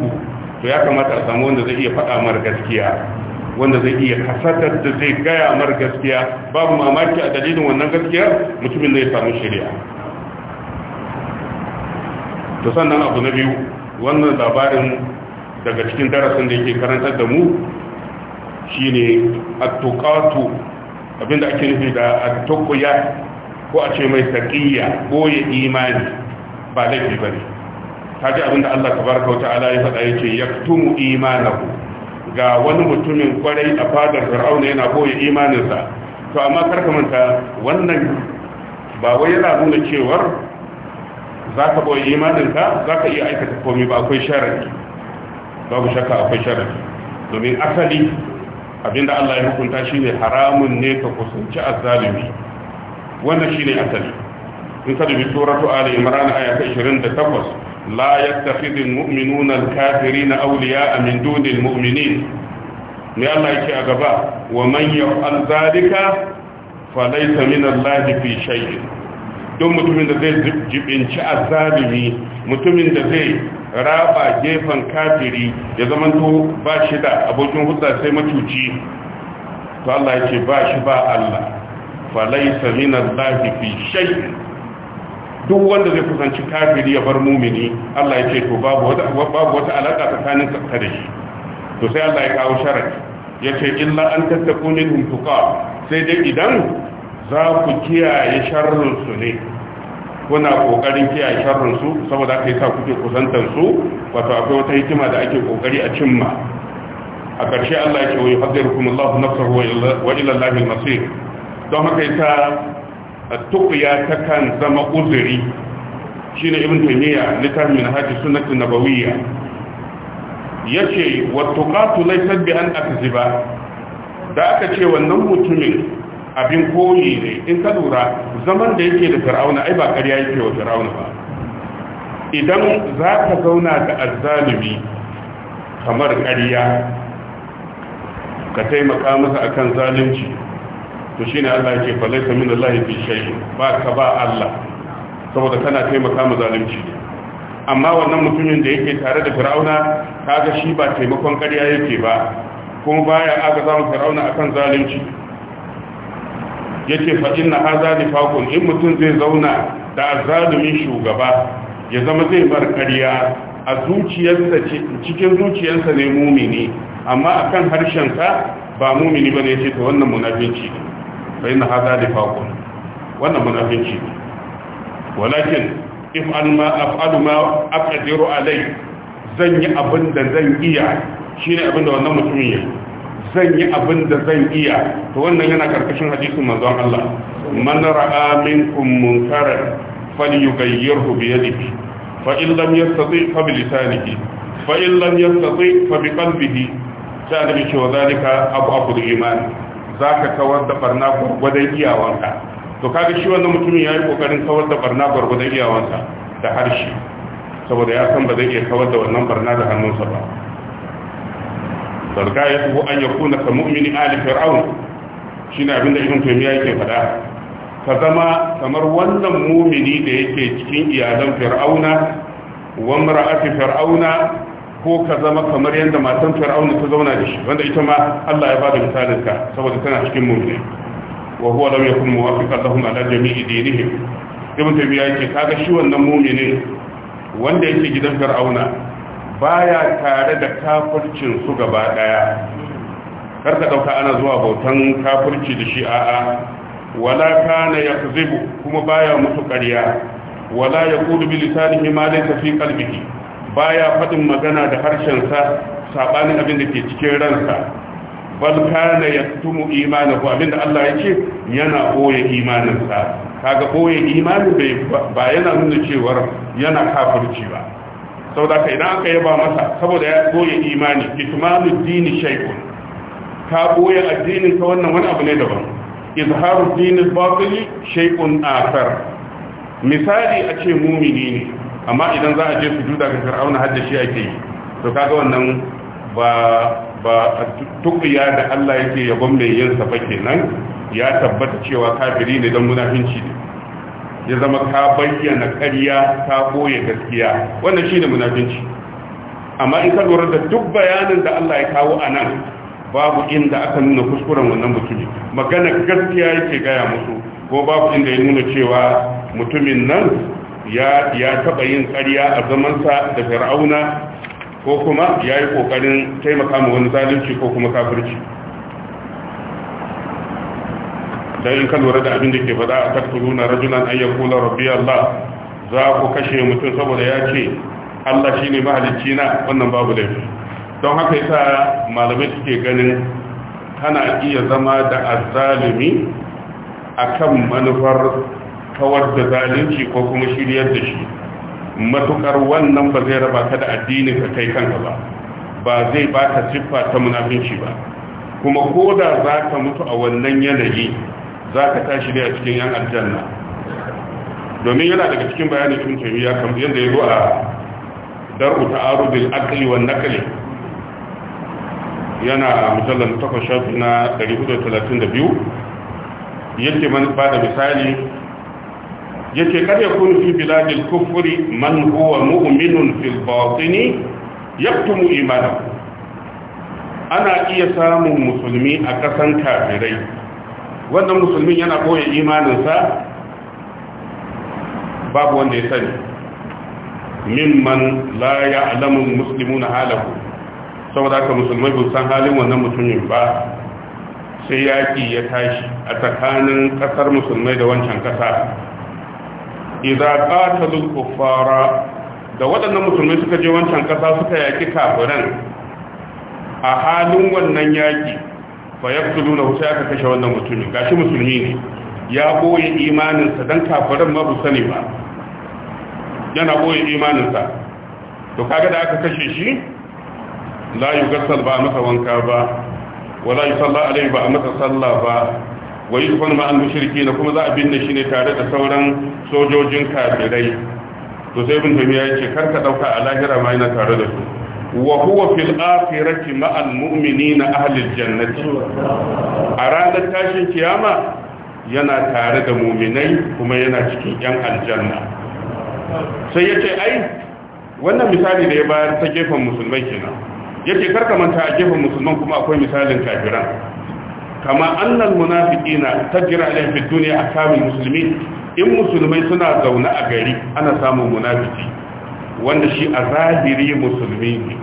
to ya kamata a samu wanda zai iya faɗa mar gaskiya wanda zai iya hasadar da zai gaya mar gaskiya babu mamaki a dalilin wannan gaskiyar mutumin zai samu shari'a to sannan abu na biyu wannan labarin daga cikin darasin da yake karantar da mu shine at-tuqatu abinda ake nufi da at-tuqya ko a ce mai taqiyya ko ya imani ba laifi bane kaji abinda Allah tabaraka ta'ala ya faɗa yake yaktumu imanahu ga wani mutumin kwarai a fadar fir'auna yana boye imaninsa to amma karkamanta wannan ba wai yana nuna cewar za ka boye imaninka za ka iya aikata komi ba akwai sharadi babu shakka akwai sharari domin asali abinda Allah ya hukunta shi ne haramun ne ka kusanci azzalimi wannan shi ne asali in ka dubi suratu ali imran aya ta 28 la yattakhidhu almu'minuna alkafirina awliya'a min duni almu'minin me Allah yake a gaba wa man yaf'al zalika falaysa min Allah fi shay'in don mutumin da zai jibinci azalimi mutumin da zai raba gefen kafiri ya zamanto ba shi da abokin hudda sai macuci to Allah ya ce ba shi ba Allah falaisa min Allah fi shay duk wanda zai kusanci kafiri ya bar mumini Allah ya ce to babu wata babu wata alaka tsakanin ka da shi to sai Allah ya kawo sharadi yace illa an tattaku minhum tuqa sai dai idan za ku kiyaye sharrin su ne kuna kokarin kiyaye sharrin su saboda yi sa kuke kusantar su wato akwai wata hikima da ake kokari a cimma a ƙarshe Allah yake wai hadirukum Allahu nafsa wa ila Allahi al-masir don haka yasa tuqiya ta kan zama uzuri shine ibn taymiya min hadith sunnah nabawiyya yace wa tuqatu laysa bi an akziba da aka ce wannan mutumin abin koyi ne in ka lura zaman da yake da fir'auna ai ba ƙarya yake wa fir'auna ba idan za ka zauna da azzalumi kamar ƙarya ka taimaka masa akan zalunci to shine Allah yake fa laysa min Allah bi shay ba ka ba Allah saboda kana taimaka ma zalunci amma wannan mutumin da yake tare da fir'auna kaga shi ba taimakon ƙarya yake ba kuma baya aka zama fir'auna akan zalunci yace fa inna hadha nifaqun in mutum zai zauna da azalumin shugaba ya zama zai bar kariya a zuciyarsa cikin zuciyarsa ne mumini amma akan harshen sa ba mumini bane ce to wannan munafici fa inna hadha nifaqun wannan munafici walakin if an ma af'alu ma aqdiru alai zan yi abin da zan iya shine abin da wannan mutumin ya? zan yi abin da zan iya to wannan yana karkashin hadisin manzon Allah man ra'a minkum munkara falyughayyirhu bi yadihi fa in lam yastati fa bi lisanihi fa in lam yastati fa bi qalbihi sai da cewa zalika abu abu da iman zaka kawar da barna gurgudan iyawanka to kaga shi wannan mutumin yayi kokarin kawar da barna gwargwadon iyawanka da harshe saboda ya san ba zai iya kawar da wannan barna da hannunsa ba sarkayatuhu an yakuna ka mu'mini ali fir'aun shine abinda ibn taymiya yake faɗa ka zama kamar wannan mumini da yake cikin iyalan fir'auna wa fir'auna ko ka zama kamar yadda matan fir'auna ta zauna da shi wanda ita ma Allah ya bada misalin ka saboda tana cikin mumini wa huwa lam yakun muwafiqan lahum ala jami'i dinihim ibn taymiya yake kaga shi wannan muminin wanda yake gidan fir'auna baya tare da kafircin su gaba daya kar ka dauka ana zuwa bautan kafirci da shi a'a wala kana yakzibu kuma baya musu ƙarya wala yaqulu bi lisanihi ma laysa fi qalbihi baya fadin magana da harshen sa sabanin abin da ke cikin ransa bal kana yaktumu imanahu abinda Allah yake yana boye imaninsa kaga boye imanin bai ba yana nuna cewa yana kafirci ba saboda ka idan aka yaba masa saboda ya koya imani itmanu dini shay'un ka koya addinin ka wannan wani abu ne daban izharu dini batili shay'un akhar misali a ce mumini ne amma idan za a je su juda ga fir'auna hadda shi ake yi to kaga wannan ba ba tukuya da Allah yake yabon mai yin sa kenan ya tabbata cewa kafiri ne dan munafinci ne ya zama ka bayyana ƙarya ta ɓoye gaskiya wannan shi ne munafinci amma in ka lura da duk bayanin da Allah ya kawo a nan babu inda aka nuna kuskuren wannan mutumin, magana gaskiya yake gaya musu ko babu inda ya nuna cewa mutumin nan ya ya taɓa yin ƙarya a zamansa da fir'auna ko kuma ya yi ƙoƙarin taimaka ma wani zalunci ko kuma kafirci da in ka lura da abin da ke faɗa a tattaluna, rajulan an kula rabbi Allah za ku kashe mutum saboda ya ce Allah shi ne mahalicci na wannan babu laifi don haka yasa malamai suke ganin tana iya zama da azalimi a kan manufar kawar da zalunci ko kuma shiryar da shi matukar wannan ba zai raba ka da addinin ka kai kanka ba ba zai baka siffa ta munafinci ba kuma ko da za ka mutu a wannan yanayi za ka tashi da cikin yan aljanna domin yana daga cikin bayanin cikin taymiya kan yadda ya zo a dar'u ta'arudil akali wa nakali. yana mujallal takwas shafi na 432 yake man ba da misali yake kada kun fi biladil kufri man huwa mu'minun fil batini yaktumu imanahu ana iya samun musulmi a kasan kafirai wannan musulmin yana koya imaninsa babu wanda ya sani mimman la ya alamun musulmi na halaku saboda haka musulmai bin san halin wannan mutumin ba sai yaƙi ya tashi a tsakanin ƙasar musulmai da wancan ƙasa idan ƙatalin kufara da waɗannan musulmai suka je wancan ƙasa suka yaƙi kafiran a halin wannan yaƙi fa yaqtulunahu sai aka kashe wannan mutumin gashi musulmi ne ya boye imaninsa dan kafirin ma bu sani ba yana boye imaninsa to kaga da aka kashe shi la yugassal ba masa wanka ba wala yusalla alai ba masa salla ba wai kun ma mushriki ne kuma za a binne shi ne tare da sauran sojojin kafirai to sai ibn tamiya yace karka dauka a lahira ma yana tare da su Wahuwa huwa fil akhirati ma'al mu'minina ahlil jannati a ranar tashin kiyama yana tare da mu'minai kuma yana cikin yan aljanna sai yace ai wannan misali da ya bayar ta gefen musulmai kenan yace karka manta a gefen musulmai kuma akwai misalin kafiran kama annal munafiqina tajra ilayhim fid dunya akamil muslimin in musulmai suna zaune a gari ana samun munafiki wanda shi a zahiri musulmi ne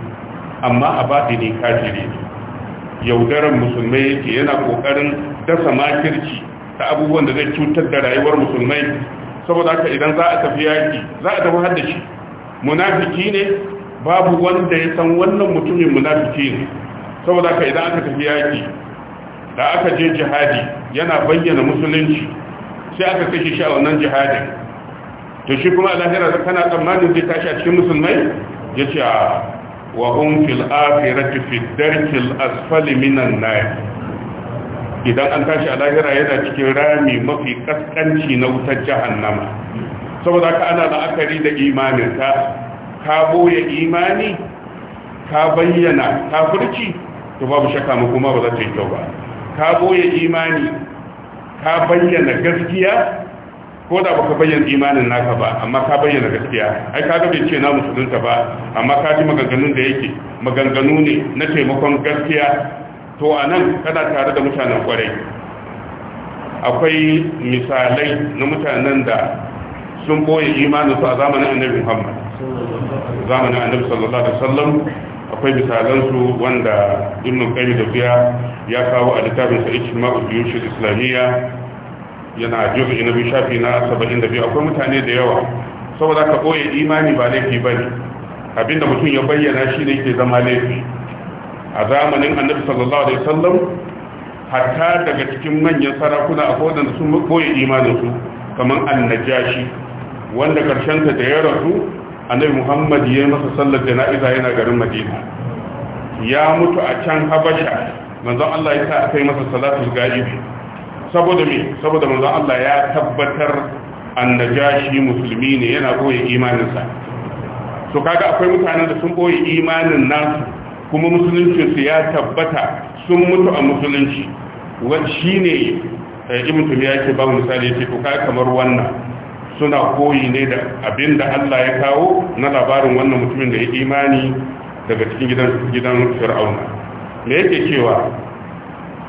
amma a batini kafiri ne yaudaran musulmai yake yana kokarin dasa makirci ta abubuwan da zai cutar da rayuwar musulmai saboda haka idan za a tafi yaƙi za a tafi hadda shi munafiki ne babu wanda ya san wannan mutumin munafiki ne saboda haka idan aka tafi yaki da aka je jihadi yana bayyana musulunci sai aka kashe shi a wannan jihadin to shi kuma lahira kana tsammanin zai tashi a cikin musulmai ya ce wa hun fil akhirati fi darkil asfali minan nar idan an tashi a lahira yana cikin rami mafi kaskanci na wutar jahannama saboda haka ana la'akari da imanin ka ka boye imani ka bayyana furci to babu shakka mu kuma ba za ta yi kyau ba ka boye imani ka bayyana gaskiya ko da baka bayyana imanin naka ba amma ka bayyana gaskiya ai kaga bai ce na musulunta ba amma ka ji maganganun da yake maganganu ne na taimakon gaskiya to anan kana tare da mutanen kwarai akwai misalai na mutanen da sun boye imanin su a zamanin annabi Muhammad zamanin annabi sallallahu alaihi wasallam akwai misalansu wanda ibn qayyim da biya ya kawo a littafin sa ijma'u shi islamiyya yana juzu ina biyu shafi na saba'in da biyu akwai mutane da yawa saboda ka ɓoye imani ba laifi ba ne abinda mutum ya bayyana shi ne ke zama laifi a zamanin annabi sallallahu alaihi wasallam hatta daga cikin manyan sarakuna a kodan sun ɓoye imaninsu kamar annajashi wanda karshenta da ya rasu annabi muhammad ya yi masa sallar jana'iza yana garin madina ya mutu a can habasha manzon allah ya sa a kai masa salatu gaibi saboda me saboda manzo Allah ya tabbatar annajashi musulmi ne yana koyi imaninsa to kaga akwai mutanen da sun koyi imanin nasu kuma musulunci su ya tabbata sun mutu a musulunci shi ne eh, ibn tumiya yake ba misali yake to kaga kamar wannan suna koyi ne da abinda Allah ya kawo na labarin wannan mutumin da ya imani daga cikin gidan gidan Fir'auna me yake cewa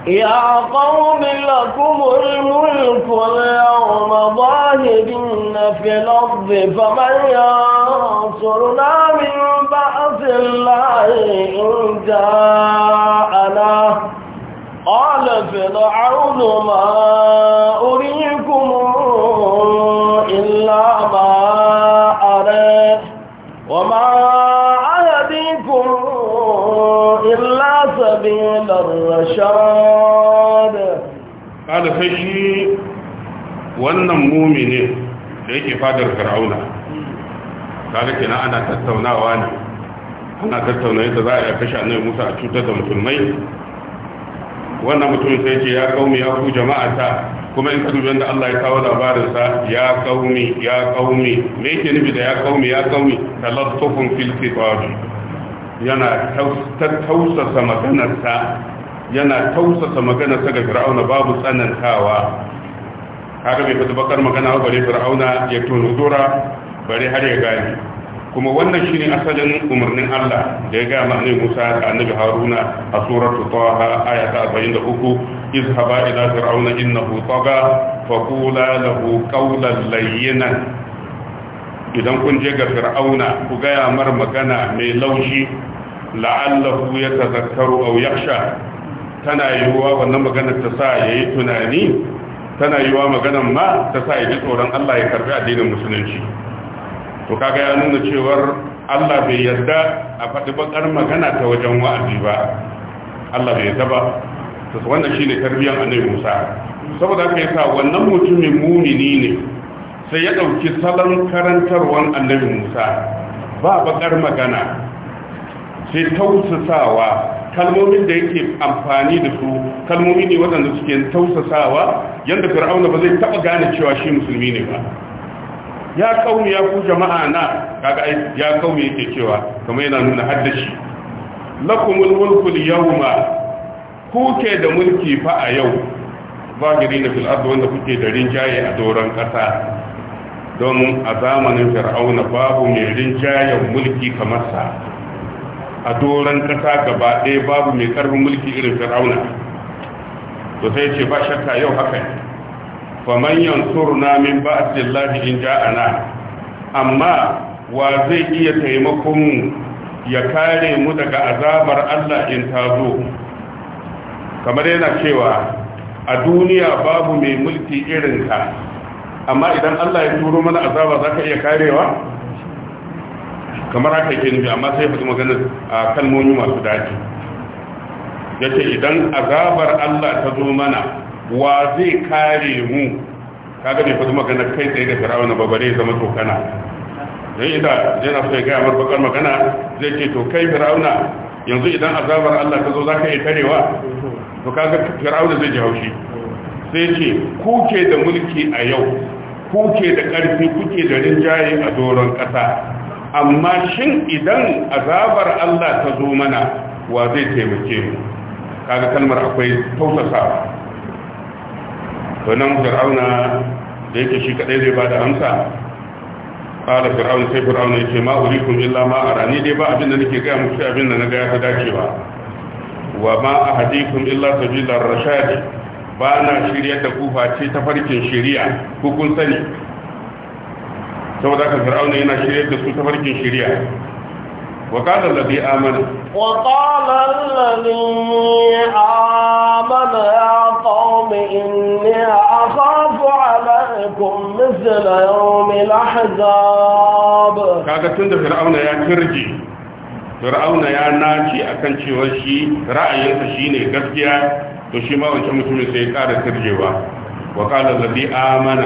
يا قوم لكم الملك اليوم ظاهرين في الأرض فمن ينصرنا من بأس الله إن جاءنا قال فرعون ما أريكم إلا ما rashada kada sai shi wannan mumini da yake fadar fir'auna kaga kina ana tattaunawa ne ana tattauna yadda za a iya kashe annabi Musa a cutar da musulmai wannan mutum sai ce ya kaumi ya ku jama'ata kuma in kudu da Allah ya kawo labarinsa ya kaumi ya kaumi me yake nufi da ya kaumi ya kaumi talaffufun fil kitab yana tausasa maganarsa yana tausasa magana ta ga fir'auna babu tsanantawa kaga bai fita bakar magana bare fir'auna ya tono dora bare har ya gani kuma wannan shine asalin umarnin Allah da ya ga ne Musa da Annabi Haruna a suratul Taha aya ta 43 izhaba ila fir'auna innahu tagha faqula lahu qawlan layyinan idan kun je ga fir'auna ku gaya mar magana mai laushi la'allahu yatazakkaru aw yakhsha tana yiwuwa wannan maganar ta sa ya yi tunani tana yiwuwa maganar ma ta sa ya ji tsoron Allah ya karbi addinin musulunci to kaga ya nuna cewar Allah bai yarda a faɗi bakar magana ta wajen wa'azi ba Allah bai yarda ba to wannan shine tarbiyyar annabi Musa saboda haka yasa wannan mutumin mumini ne sai ya dauki salon karantarwan annabi Musa ba bakar magana sai tausasawa kalmomin da yake amfani da su kalmomi ne waɗanda suke tausasawa yadda fir'auna ba zai taɓa gane cewa shi musulmi ne ba ya kaumi ya ku jama'a na kaga ai ya kaumi yake cewa kamar yana nuna haddashi lakumul mulku yawma ke da mulki fa a yau na fil ard wanda kuke da rinjaye a doron kasa don a zamanin fir'auna babu mai rinjayen mulki kamar sa a doron kasa gaba ɗaya babu mai ƙarfin mulki irin fir'auna to sai ce ba shakka yau haka ne manyan yansurna min ba'dillahi in ja'ana amma wa zai iya taimakon mu ya kare mu daga azabar Allah in tazo kamar yana cewa a duniya babu mai mulki irin ka amma idan Allah ya turo mana azaba zaka iya karewa kamar haka yake nufi amma sai faɗi magana a kalmomi masu daji ya ce idan azabar Allah ta zo mana wa zai kare mu kaga bai fata magana kai tsaye da fir'auna ba babare zama tokana Sai idan yana sai ya gaya mar bakar magana zai ce to kai na yanzu idan azabar Allah ta zo za ka iya karewa to kaga da zai ji haushi sai ce kuke da mulki a yau kuke da ƙarfi kuke da rinjaye a doron ƙasa amma shin idan azabar Allah ta zo mana wa zai taimake mu kaga kalmar akwai tausasa? to nan fir'auna da yake shi kadai zai bada amsa qala fir'aun sai fir'auna yace ma urikum illa ma arani dai ba abin da nake ga muku abin da naga ya ta dacewa wa ma ahadikum illa sabilar rashad ba na shirya da kufa ce ta farkin shari'a ku kun sani saboda haka fir'auna yana shirye da su ta farkin shirya وقال الذي آمن وقال الذي آمن يا قوم إني أخاف عليكم مثل يوم الأحزاب كاكا تند فرعون يا كرجي فرعون يا ناجي أكن وشي رأي تشيني قفيا تشيما وانشمتم سيكار كرجي وقال الذي آمن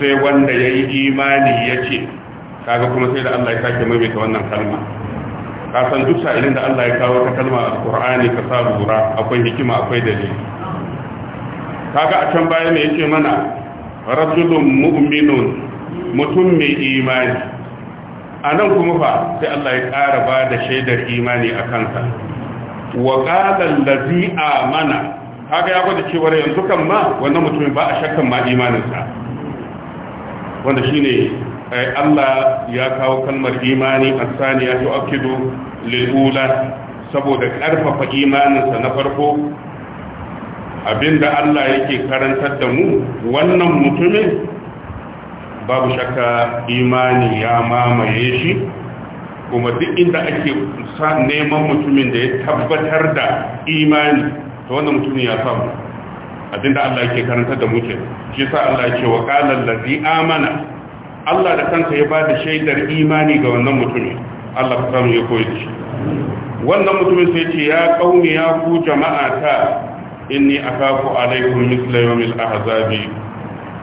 sai wanda ya yi imani ya ce kaga kuma sai da Allah ya sake maimaita wannan kalma ka san duk sa'ilin da Allah ya kawo ta kalma a Qur'ani ka sa lura akwai hikima akwai dalili kaga a can baya me yake mana rajulun mu'minun mutum mai imani anan kuma fa sai Allah ya ƙara ba da shaidar imani a kansa wa qala allazi amana kaga ya gwada cewa yanzu kan ma wannan mutumin ba a shakkan ma imaninsa wanda shi ne eh, Allah ya kawo kalmar imani a Saniya to akidu lil'ula saboda ƙarfafa imaninsa na farko abinda Allah yake karantar da mu wannan mutumin babu shakka imani ya mamaye shi kuma duk inda ake neman mutumin da ya tabbatar da imani to wannan mutumin ya samu abinda Allah yake karanta da muke shi sa Allah ya ce wa qala allazi amana Allah da kanka ya bada shaidar imani ga wannan mutumin Allah ta samu ya koyi shi wannan mutumin sai ce ya kauni ya ku jama'ata inni akafu alaikum misla yawmil ahzabi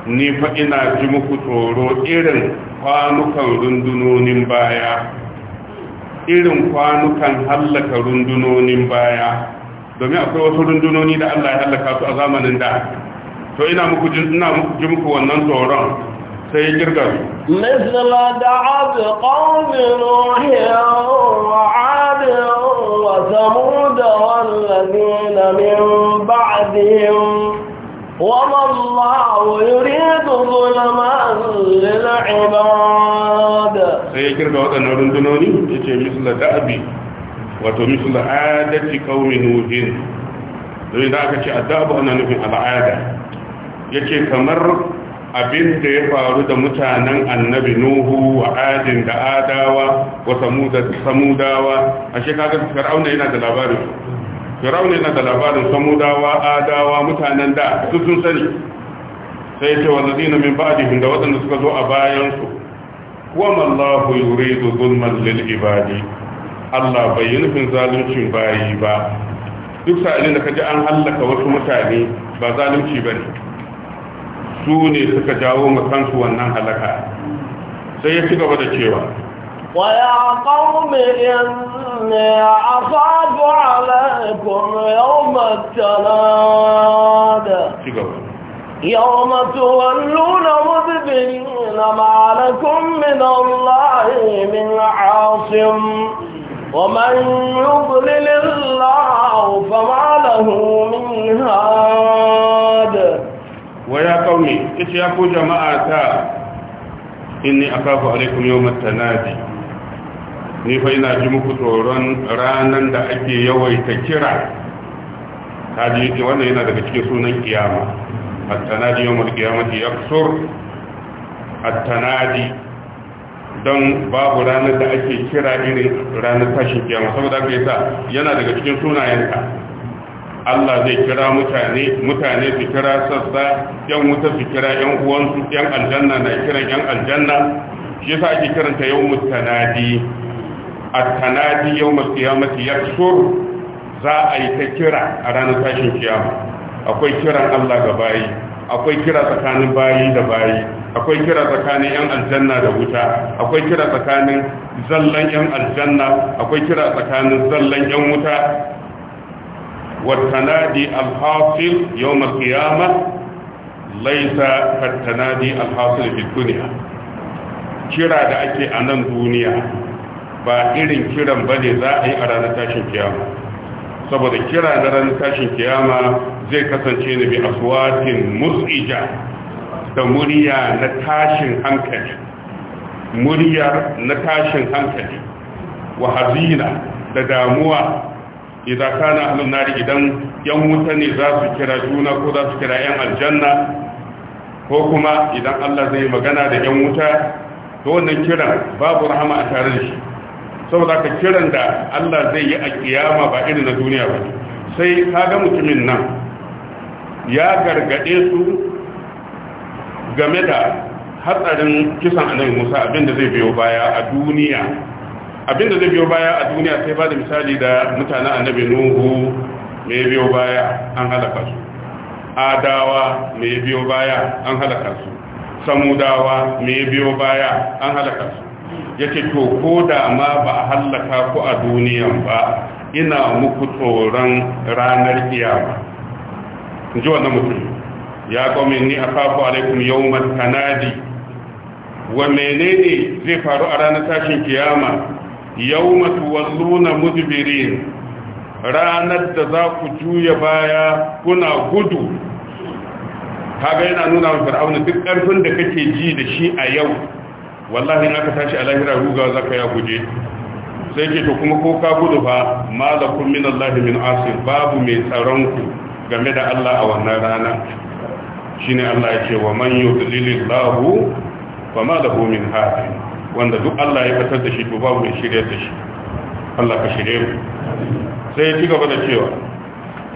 ni fa ina ji muku tsoro irin kwanukan rundunonin baya irin kwanukan hallaka rundunonin baya domin akwai wasu rundunoni da Allah ya halaka su a zamanin da to ina muku ina muku ji muku wannan tsoron sai ya kirga su misla da abu qawmi nuhiya wa ad wa samud وما الله يريد ظلما للعباد sai ya kirga waɗannan rundunoni ya ce misla da'abi wato misal adati qaumin nuhin don da aka ce adabu ana nufin al'ada Yake kamar abin da ya faru da mutanen annabi nuhu wa adin da adawa wa samudawa a shekarar fir'auna yana da labarin fir'auna yana da labarin samudawa adawa mutanen da su sun sani sai ce wanda zina min ba'dihim da waɗanda suka zo a bayansu Kuwa mallahu yuridu zulman lil ibadi Allah bai yi nufin zaluncin bayi ba duk sa'ilin da ji an hallaka wasu mutane ba zalunci ba ne su ne suka jawo makansu wannan halaka sai ya ci gaba da cewa ويا قوم إني أخاف عليكم يوم التناد يوم nuna مدبرين ما لكم من الله من عاصم ومن يضلل الله فما له من هاد ويا قومي إيش كو جماعة إني أخاف عليكم يوم التنادي ni fa ina ji muku tsoron ranar da ake yawaita kira kaji wannan yana daga cikin sunan kiyama at-tanadi yawm al-qiyamati yaksur tanadi don babu ranar da ake kira irin ranar tashin kiyama saboda aka yi sa yana daga cikin sunayenka Allah zai kira mutane mutane su kira sassa yan wuta su kira yan uwansu yan aljanna na kiran yan aljanna shi yasa ake kiranta yau mutanadi a tanadi yau ya yaksur za a yi ta kira a ranar tashin kiyama akwai kiran Allah ga bayi akwai kira tsakanin bayi da bayi akwai kira tsakanin yan aljanna da wuta akwai kira tsakanin zallan yan aljanna akwai kira tsakanin zallan yan wuta والتنادي الحاصل يوم القيامة ليس كالتنادي alhasil fi dunya kira da ake a nan duniya ba irin kiran ba ne za a yi a ranar tashin kiyama saboda kira na ranar tashin kiyama zai kasance ne bi aswatin mus'ija da murya na tashin hankali murya na tashin hankali wa hazina da damuwa idan kana ahlun idan yan wuta ne za su kira juna ko za su kira yan aljanna ko kuma idan Allah zai magana da yan wuta to wannan kiran babu rahama a tare da shi saboda ka kiran da Allah zai yi a kiyama ba irin na duniya ba sai ka ga mutumin nan ya gargade su game da hatsarin kisan annabi musa abinda zai biyo baya a duniya abinda zai biyo baya a duniya sai ba da misali da mutanen annabi nuhu mai biyo baya an halaka su adawa mai biyo baya an halaka su samudawa mai biyo baya an halaka su yake to ko da ma ba a ku a duniyan ba ina muku tsoron ranar kiyama in ji wannan mutum ya kome ni a alaikum Yawmat tanadi wa menene zai faru a ranar tashin kiyama Yawmat walluna mudbirin ranar da za ku juya baya kuna gudu kaga yana nuna wa fir'auna duk karfin da kake ji da shi a yau wallahi in aka tashi a lahira ruga za ka ya guje sai ke to kuma ko ka gudu ba malakum min min asir babu mai tsaron ku game da Allah a wannan rana shine Allah ya ce wa man yudlilillahu fama lahu min hadi wanda duk Allah ya fitar da shi ko babu mai shirye da shi Allah ka shirye mu sai ya ci gaba da cewa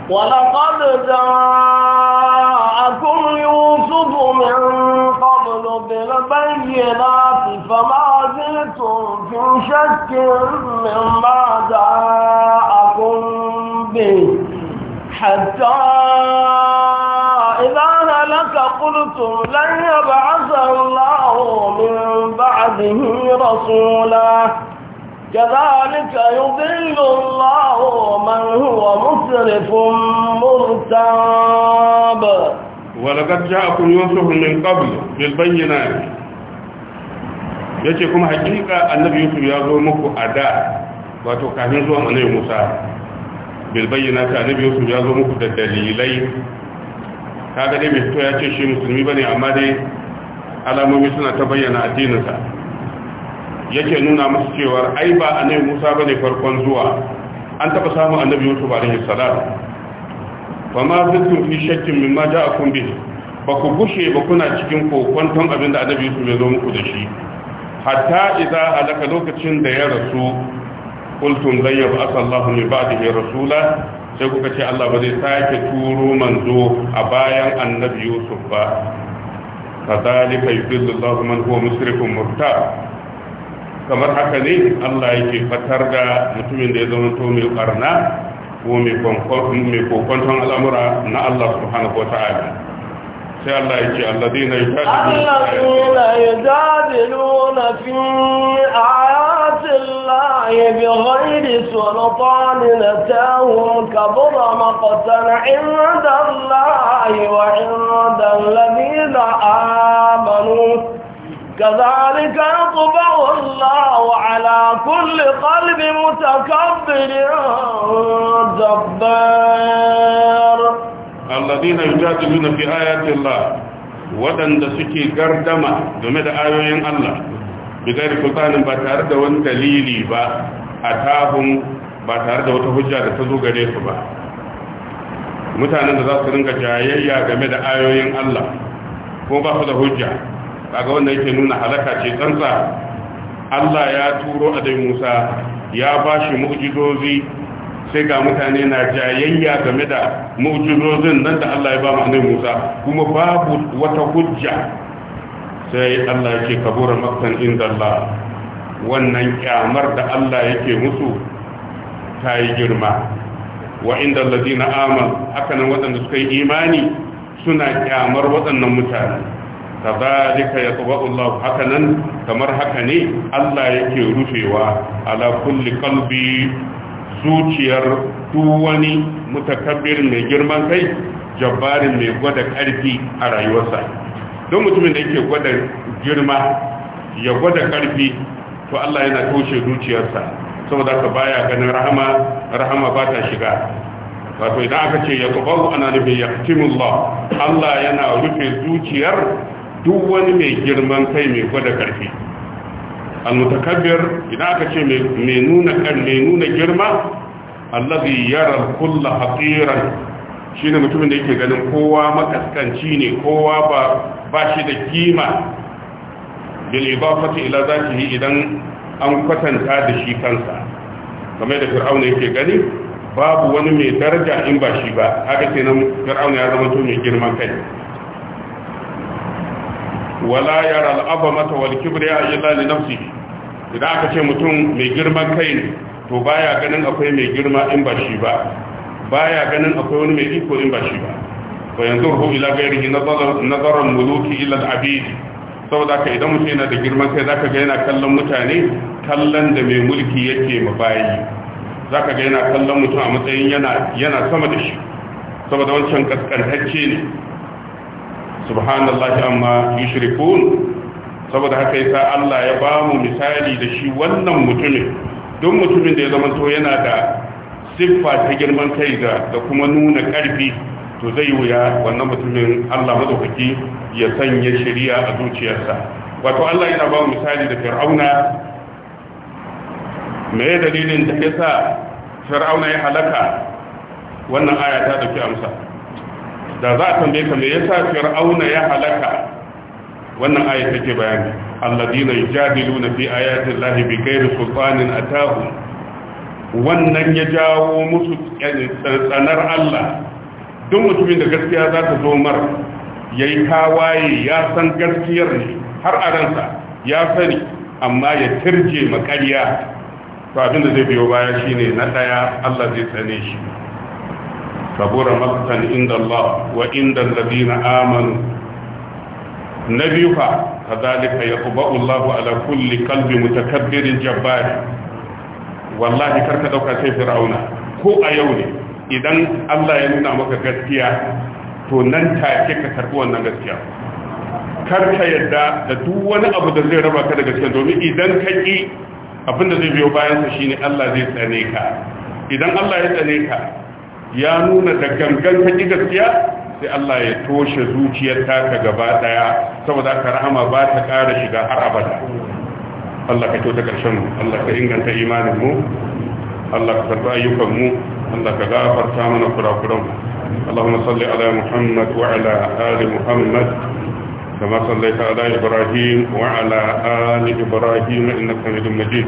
ولقد جاءكم يوسف من قبل بالبينات فما زلتم في شك مما جاءكم به حتى إذا هلك قلتم لن يبعث الله من بعده رسولا كذلك يضل الله من هو مسرف مرتاب ولقد جاءكم يوسف من قبل بالبينات yace kuma hakika annabi yusuf ya zo muku a da wato kafin zuwan annabi musa bayyana ta annabi yusuf ya zo muku da dalilai kaga dai mai ya ce shi musulmi bane amma dai alamomi suna ta bayyana addininsa yake nuna musu cewa ai ba annabi musa bane farkon zuwa an taba samun annabi yusuf alaihi salam fa ma zuntum fi shakkin mimma ja'akum bihi ba ku gushe ba kuna cikin kokonton abin da annabi yusuf ya zo muku da shi hatta idza halaka lokacin da ya rasu kultun zai yabu asallahu min ba'dihi rasula sai kuka ce Allah ba zai sake turo manzo a bayan annabi Yusuf ba kadhalika yudillu Allahu man huwa musrifun murtab kamar haka ne Allah yake fatar da mutumin da ya zama to mai karna ko mai kokon al'amura na Allah subhanahu wa ta'ala الذين يجادلون في آيات الله بغير سلطان نتاهم كبر مقتا عند الله وعند الذين آمنوا كذلك يطبع الله على كل قلب متكبر جبار alladina yujadiluna fi ayati Allah wadanda suke gardama game da ayoyin Allah bigari sultanin ba tare da wani dalili ba atahum ba tare da wata hujja da ta zo gare su ba mutanen da za su ringa jayayya game da ayoyin Allah ko ba su da hujja kaga wanda yake nuna halaka ce tsantsa Allah ya turo a dai Musa ya bashi mu'jizozi sai ga mutane na jayayya game da mu'jizozin nan da Allah ya ba mu Musa kuma babu wata hujja sai Allah yake kabura maktan inda Allah wannan kyamar da Allah yake musu ta yi girma wa inda allazina aman haka nan waɗanda suka yi imani suna kyamar waɗannan mutane za kazalika yatba'u Allah haka nan kamar haka ne Allah yake rufewa ala kulli kalbi. zuciyar duk wani mai girman kai jabbarin mai gwada ƙarfi a rayuwarsa don mutumin da yake gwada girma ya gwada ƙarfi to Allah yana toshe zuciyarsa saboda ka baya ganin rahama rahama ba ta shiga wato idan aka ce ya tsubaru ana nufin ya Allah yana rufe zuciyar duk wani mai girman kai mai gwada ƙarfi al-mutakabbir idan aka ce mai nuna mai nuna girma allazi yara kullu haqiran shine mutumin da yake ganin kowa makaskanci ne kowa ba shi da kima bil idafati ila zatihi idan an kwatanta da shi kansa kamar da fir'auna yake gani babu wani mai daraja in bashi ba haka kenan fir'auna ya zama to mai girman kai wala yara mata wal kibriya illa li nafsi idan aka ce mutum mai girman kai ne to baya ganin akwai mai girma in ba shi ba baya ganin akwai wani mai iko in ba shi ba wa yanzu ruhu ila gairihi nazaran muluki ila abidi saboda ka idan mutum yana da girman kai zaka ga yana kallon mutane kallon da mai mulki yake ma bayi zaka ga yana kallon mutum a matsayin yana yana sama da shi saboda wancan kaskantacce ne subhanallahi amma yushrikun saboda haka yasa Allah ya ba mu misali da shi wannan mutumin don mutumin da ya zama to yana da siffa ta girman kai da da kuma nuna karfi to zai wuya wannan mutumin Allah madaukaki ya sanya shari'a a zuciyarsa wato Allah yana ba mu misali da Fir'auna me dalilin da yasa Fir'auna ya halaka wannan aya ta dauki amsa da za a tambaye ka me yasa fir'auna ya halaka wannan aya take bayani alladina yujadiluna fi ayati llahi bighairi sultanin atahu wannan ya jawo musu tsanar Allah duk mutumin da gaskiya za ta zo mar yayi tawaye ya san gaskiyar ne har a ransa ya sani amma ya tirje makariya to abinda zai biyo baya shine na daya Allah zai tsane shi كبر مقتا عند الله وعند الذين آمنوا نبيك كذلك يطبع الله على كل قلب متكبر جبار والله كرك دوكا سي فرعون كو أيوني إذن الله ينونا مكا غسكيا تو ننتا كيكا كربوا نغسكيا karka yadda da duk wani abu da zai raba ka daga cikin domin idan ka ki abin da zai biyo bayansa shine Allah zai tsane ka idan Allah ya tsane ka ya nuna da gangan ta ki gaskiya sai Allah ya toshe zuciyar taka gaba daya saboda ka rahama ba ta ƙara shiga har abada Allah ka kyauta karshen mu Allah ka inganta imanin mu Allah ka karba ayyukan mu Allah ka gafarta mana kurakuran mu Allahumma salli ala Muhammad wa ala ali Muhammad كما صليت على إبراهيم وعلى آل إبراهيم إنك حميد مجيد